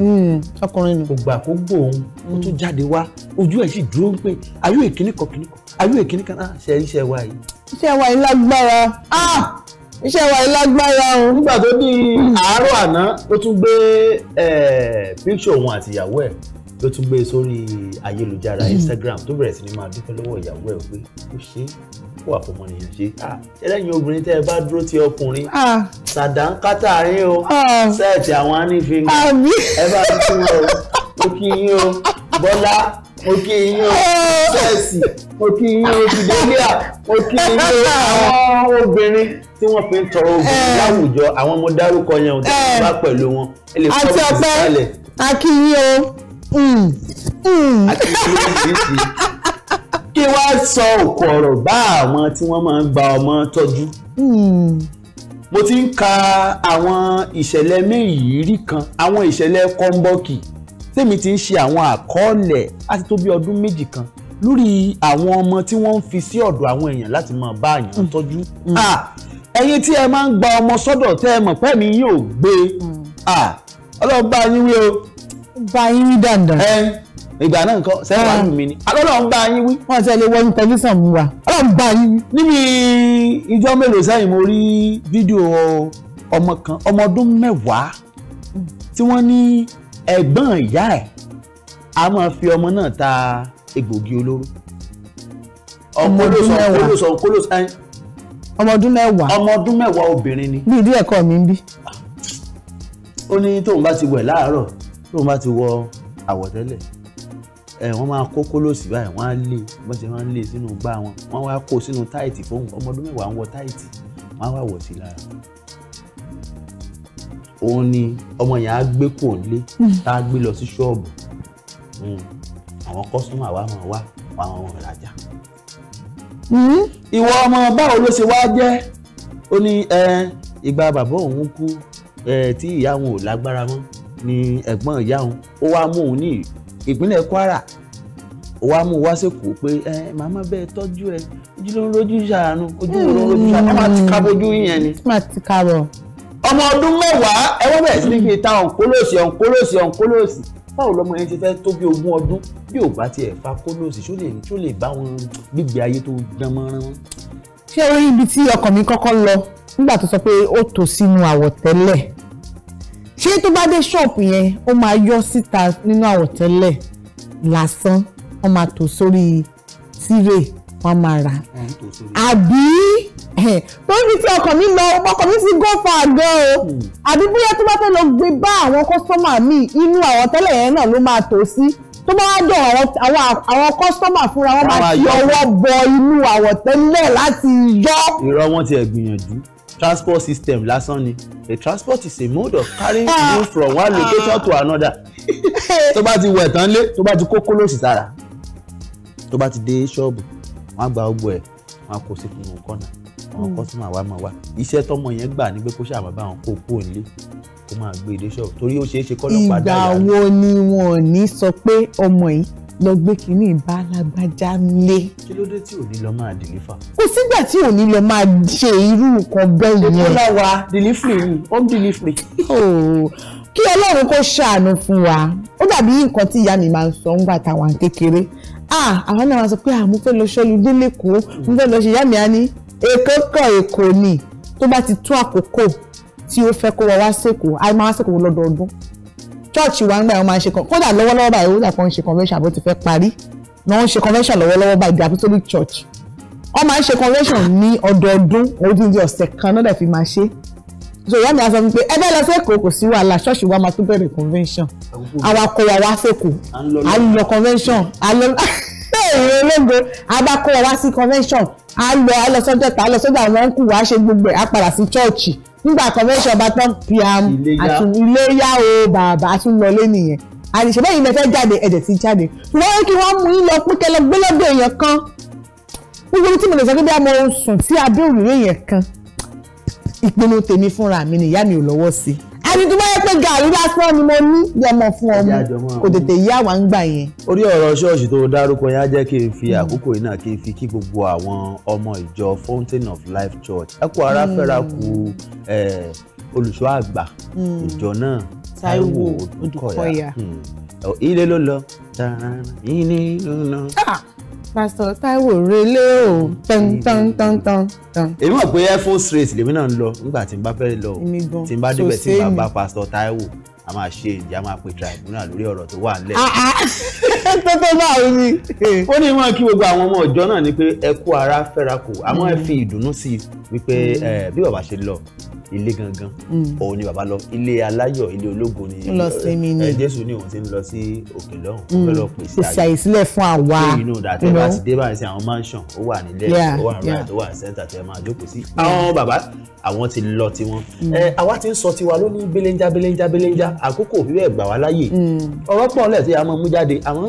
ọkùnrin nu kò gbà kó gbóhùn ó tún jáde wá ojú ẹ̀ sì dúró pé ayú èkíní kan kíní kan ayú èkíní kan ah, ṣe iṣẹ́ wa yìí. iṣẹ́ wa yìí lágbára. Ah! iṣẹ́ wa yìí lágbára o. nígbà tó di àárọ̀ àná ló tún gbé píkṣọ̀ òun àtìyàwó ẹ̀ ló tún gbé sórí ayélujára hmm. Instagram tó bẹ̀rẹ̀ sí ni máa dúpẹ́ lọ́wọ́ ìyàwó ẹ̀ pé ó ṣe kó àfọmọnìyàn ṣe ẹlẹ́yin ah, obìnrin tẹ́ ẹ bá dúró ti ọkùnrin ah. sàdánkátà yín o sẹ́ẹ̀tì ah. àwọn anífin ẹ bá tún ọ ó kí yín o Bọ́lá mo kí yín o sẹ́ẹ̀sì mo kí yín o fìdílíà mo kí yín o àwọn obìnrin tí wọ́n fi ń tọrọ obìnrin eh. láwùjọ àwọn ọmọ dárúkọ yẹn ò tí wọ́n eh. bá pẹ̀lú wọn ẹ lè fọ́ bọ́ọ̀lù sálẹ̀. àti ọpẹ́ kí wọ́n sọ òkò ọ̀rọ̀ bá àwọn tí wọ́n máa ń gba ọmọ tọ́jú. Hmm. mo ti ń ka àwọn ìṣẹ̀lẹ̀ mẹ́rìírí kan àwọn ìṣẹ̀lẹ̀ kọ́ńbọ́ọ̀kì tèmi ti ń ṣe àwọn àkọọ́lẹ̀ àti tó bí ọdún méjì kan lórí àwọn ọmọ tí wọ́n ń fi sí ọ̀dọ̀ àwọn èèyàn láti máa bá àyàn mm. tọ́jú mm. ẹ̀yin tí ẹ máa ń gba ọmọ sọ́dọ̀ tẹ́ ẹ mọ̀ pé mi yóò gbé mm. ọlọ́run bá yín wí o. bá yín wí dandan. ẹ ìgbà náà nǹkan sẹ́yìn wàá lù mí ni ah. ọlọ́run bá yín wí. wọ́n ti lè wọ́n tẹlifíṣàn mu wa ọlọ́run bá yín wí. níbi ìjọ mélòó sẹ́yìn mo rí fídíò ọmọ kan ọmọ ọdún mẹ́wàá tí wọ́n ní ẹ̀gbọ́n ìyá ẹ̀ a máa fi ọmọ náà ta egbògi olóró ọmọ ọdún mẹ́wàá ọmọ ọdún mẹ́wàá ọmọ ọdún mẹ́wàá obìnrin ni. bí ìdí ẹ̀kọ́ mi ń bí. ó ní tóun bá ti wẹ̀ láàárọ̀ tóun bá ti wọ àwọ̀tẹ́lẹ̀ ẹ wọ́n máa kó kólóòsì báyìí wọ́n á lé wọ́n ti máa ń lé sínú gbá wọn wọ́n wá kó sínú táìtì fóun ọmọ ọdún mẹ́wàá ń wọ táìtì wọ́n á wà wọ̀ sí lára òun ni ọmọ yẹn á gbé kò lé hmm. tá a gbé lọ sí ṣọ́ọ̀bù hmm. àwọn kọ́sọ́mà wa máa wá àwọn ọmọ ìrajà. ìwọ ọmọ báwo ló ṣe wá jẹ́ ó ní ìgbà bàbá òun kú tí ìyá òun ò lágbára mọ́ ni ẹ̀gbọ́n ìyá òun ó wá mú òun ní ìpínlẹ̀ Kwara ó wá mú wá sẹ́kọ̀ọ́ pé màmá bẹ́ẹ̀ tọ́jú ẹ ojú ló ń rojú ṣàánú ojú ló ń rojú ṣàánú má ti kábojú yẹn ni. má ti kábọ̀ ọmọ ọdún mẹ́wàá ẹ wọ́n bẹ̀rẹ̀ sí ní kí n ta ònkólóòsì ònkólóòsì ònkólóòsì báwo lọmọ yẹn ti fẹ́ tó bí ogún ọdún bí ò bá tiẹ̀ fa kólóòsì ṣó lè ṣó lè bá wọn gbígbé ayé tó dán mọ́rán. ṣé o rí ibi tí ọkàn mi kọ́kọ́ lọ nígbà tó sọ pé ó tò sínú àwọ̀tẹ́lẹ̀ ṣé tó bá dé ṣọ́ọ̀pù yẹn ó máa yọ síta nínú àwọ̀tẹ́lẹ̀ lásán ó máa tò sórí tírè wọ́n máa rà àbí tóbi tí ọkọ̀ mi lọ ọkọ̀ mi ti gọ́ fa àgọ́ o hmm. àbí bóyá tó bá fẹ́ lọ gbé bá àwọn kọ́sọ́mà mi inú àwọn tẹ́lẹ̀ yẹn náà ló máa tò sí tó bá wá dọ̀ àwọn kọ́sọ́mà fúnra wọn máa fi ọwọ́ bọ inú àwọ̀tẹ́lẹ̀ láti yọ. irọ́ wọn ti ẹ̀ gbìyànjú transport system lásán ni a transport is a mode of carrying ah. you from one location to another (laughs) tó bá ti wẹ̀ tán lé tó bá ti kó kólóòsì sára tó bá ti dé ṣọ́ọ̀bù wọ́n á gba ọgbọ ẹ̀ wọ́n á kó sí fún wọn kọ́nà àwọn kọ́sùmọ̀ hmm. àwa máa wá iṣẹ́ tọmọ yẹn gbà ní pé kó ṣàmọ́ bá wọn kó kó nílé kó máa gbé e dé ṣọ́ọ̀bù torí ó ṣeé ṣe kọ́ lọ́pàá dáyà. ìgbà wo ni wọn ò ní sọ pé ọmọ yìí lọ gbé kínní bá lé. kí ló dé tí ò ní lọ máa dìlífà. kò sígbà tí ò ní lọ máa ṣe irú nǹkan bẹ́ẹ̀ yẹn. ètò ọlọ́wà dìlífìrì home delivery kí ọlọ́run kó ṣàánú fún wa ó dàbí nǹkan tí ìyá mi máa ń sọ ńgbà táwọn kékeré ah àwọn náà máa sọ pé àmú fẹ́ lọ ṣọ́lu délé kó mo fẹ́ lọ ṣe ìyá mi á ní èkó kọ̀ èkó ni tó bá ti tún àkókò tí ó fẹ́ kó wa wá sèkó a máa wá sèkó lọ́dọọdún chọ́ọ̀chì wa ńgbà wọn máa ń ṣe kan kódà lọ́wọ́lọ́wọ́ báyìí ó dàpọ̀ ń ṣe convention àbó ti fẹ́ parí náà ń ṣe convention lọ́wọ́lọ́wọ́ báyìí the apostolic church wọ́n máa ń ṣe convention ní ọdọọdún òun ti di ọ̀sẹ̀ kan náà dẹ̀ fi máa ṣe so ìyá mi á sọ mi pé ẹ bẹ́ẹ̀ lọ sẹ́kọ̀ọ́ kò sí wàhálà ṣọ́ọ̀ṣì wa máa tó bẹ̀rẹ̀ convention àwa kọ wa wá sẹ́kọ̀ọ́ à ń lọ convention à ń lọ èrè (laughs) olóńgbò a bá kó wá sí convention a lọ a lọ sọ́jọ́ ta a lọ sọ́jọ́ àwọn ọ̀nkù wa ṣe gbogbo ẹ̀ a padà sí chọ́ọ̀chì nígbà convention bá tán pm àti iléyà o bàbá a tún lọ lé nìyẹn àdìsẹ́ bẹ́ẹ̀ ni ẹ fẹ́ jáde ẹ̀jẹ̀ ti jáde ṣùgbọ́n kí wọ́n mú yín lọ pínkẹ́ lọ gbẹ́lọ́dọ̀ èèyàn kan gbogbo tí mo lè sọ pé bí a mọ sùn sí abẹ́ òrùlé yẹn kan ìpinnu tèmi fúnra mi ni ìyá mi ò lọ́wọ́ sí i ẹni tó bá yẹ pé gàrí lásán ni mo ní yọmọ fún ọmọ kò tètè yá wa ń gbà yẹn. orí ọ̀rọ̀ ṣọ́ọ̀ṣì tó dárúkọ yẹn á jẹ́ kí n fi àkókò yìí náà kí n fi kí gbogbo àwọn ọmọ ìjọ Fountain of Life Church ẹ kú ara fẹ́ra kù olùṣọ́ àgbà hmm. ìjọ náà Táíwò Odùkọ̀yà hmm. ilé ló lọ ilé ló lọ. Ah! Pastor, Táíwò relé o tán-tán-tán-tán. Mm-hmm. èmi mọ̀ pé air force race lèmi náà ń lọ nígbà tí n bá fẹ́ lọ tí n bá débẹ̀ tí n bá bá pásítọ̀ Táíwò a máa ṣe èyí a máa pe tribunal lórí ọ̀rọ̀ tó wà nílẹ̀. Ah, ah. (laughs) tó tó bá rí mi. ó ní wọn kí gbogbo àwọn ọmọ ọjọ́ náà ni pé ẹ kú ara fẹ́ra kù àmọ́ ẹ mm-hmm. fi ìdùnnú sí i wípé mm-hmm. eh, bí bàbá ṣe lọ ilé gangan mm. òun ni bàbá lọ ilé aláyọ̀ ilé ológo ni lọ sinmi ni eh, jésù ní òun ti ń lọ sí òkè lọ́hùn ó fẹ́ mm. lọ pèsè àyè sílẹ̀ fún àwa ṣé inú dàtẹ́ bá ti dé báyìí sí àwọn mansion ó wà nílẹ̀ ó wà nílẹ̀ tó wà sẹ́ńtà tẹ́ máa jókòó sí àwọn bàbá àwọn ti lọ tiwọn ẹ mm. eh, àwa ti ń sọ tiwa lóní belenja belenja belenja àkókò òfin gbà wá láyè ọ̀rọ̀ pọ̀ lẹ̀ tí a máa mú jáde àmọ́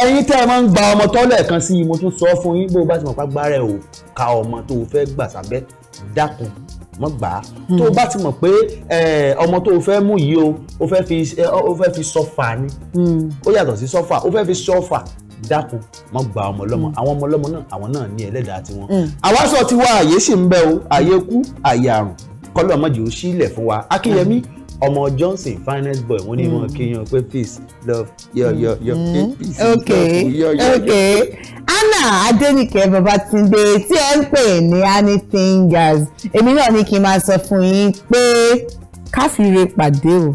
ẹ̀yin tẹ́ ẹ máa ń gba ọmọ tọ́lẹ̀ kan sí i mo tún sọ fún yín bó o bá ti mọ̀ pá gbára ẹ̀ ò ka ọmọ tó o fẹ́ gbà sábẹ́ dákun mọ́ gbà á hmm. tó o bá ti mọ̀ pé ọmọ tó o fẹ́ mú yìí o o fẹ́ fi o fẹ́ fi sọ́fà ni hmm. ó yàtọ̀ sí sọ́fà o fẹ́ fi sọ́fà dákun mọ́ gba ọmọ ọlọ́mọ hmm. àwọn ọmọ ọlọ́mọ náà àwọn náà ní ẹlẹ́dàá tiwọn àwa sọ tiwa àyè sì ń bẹ o àyè kú àyè àrùn kọ́lọ́ mọ́jì ó sílẹ̀ fún wa akínyẹmí ọmọ johnson finest boy wọn ni wọn kéèyàn pé peace love yọ yọ yọ peace okay okay anna adenike babatunde tí ẹ ń pè ní anything gas èmi náà ní kí n máa sọ fún yín pé káfíńre pàdé o.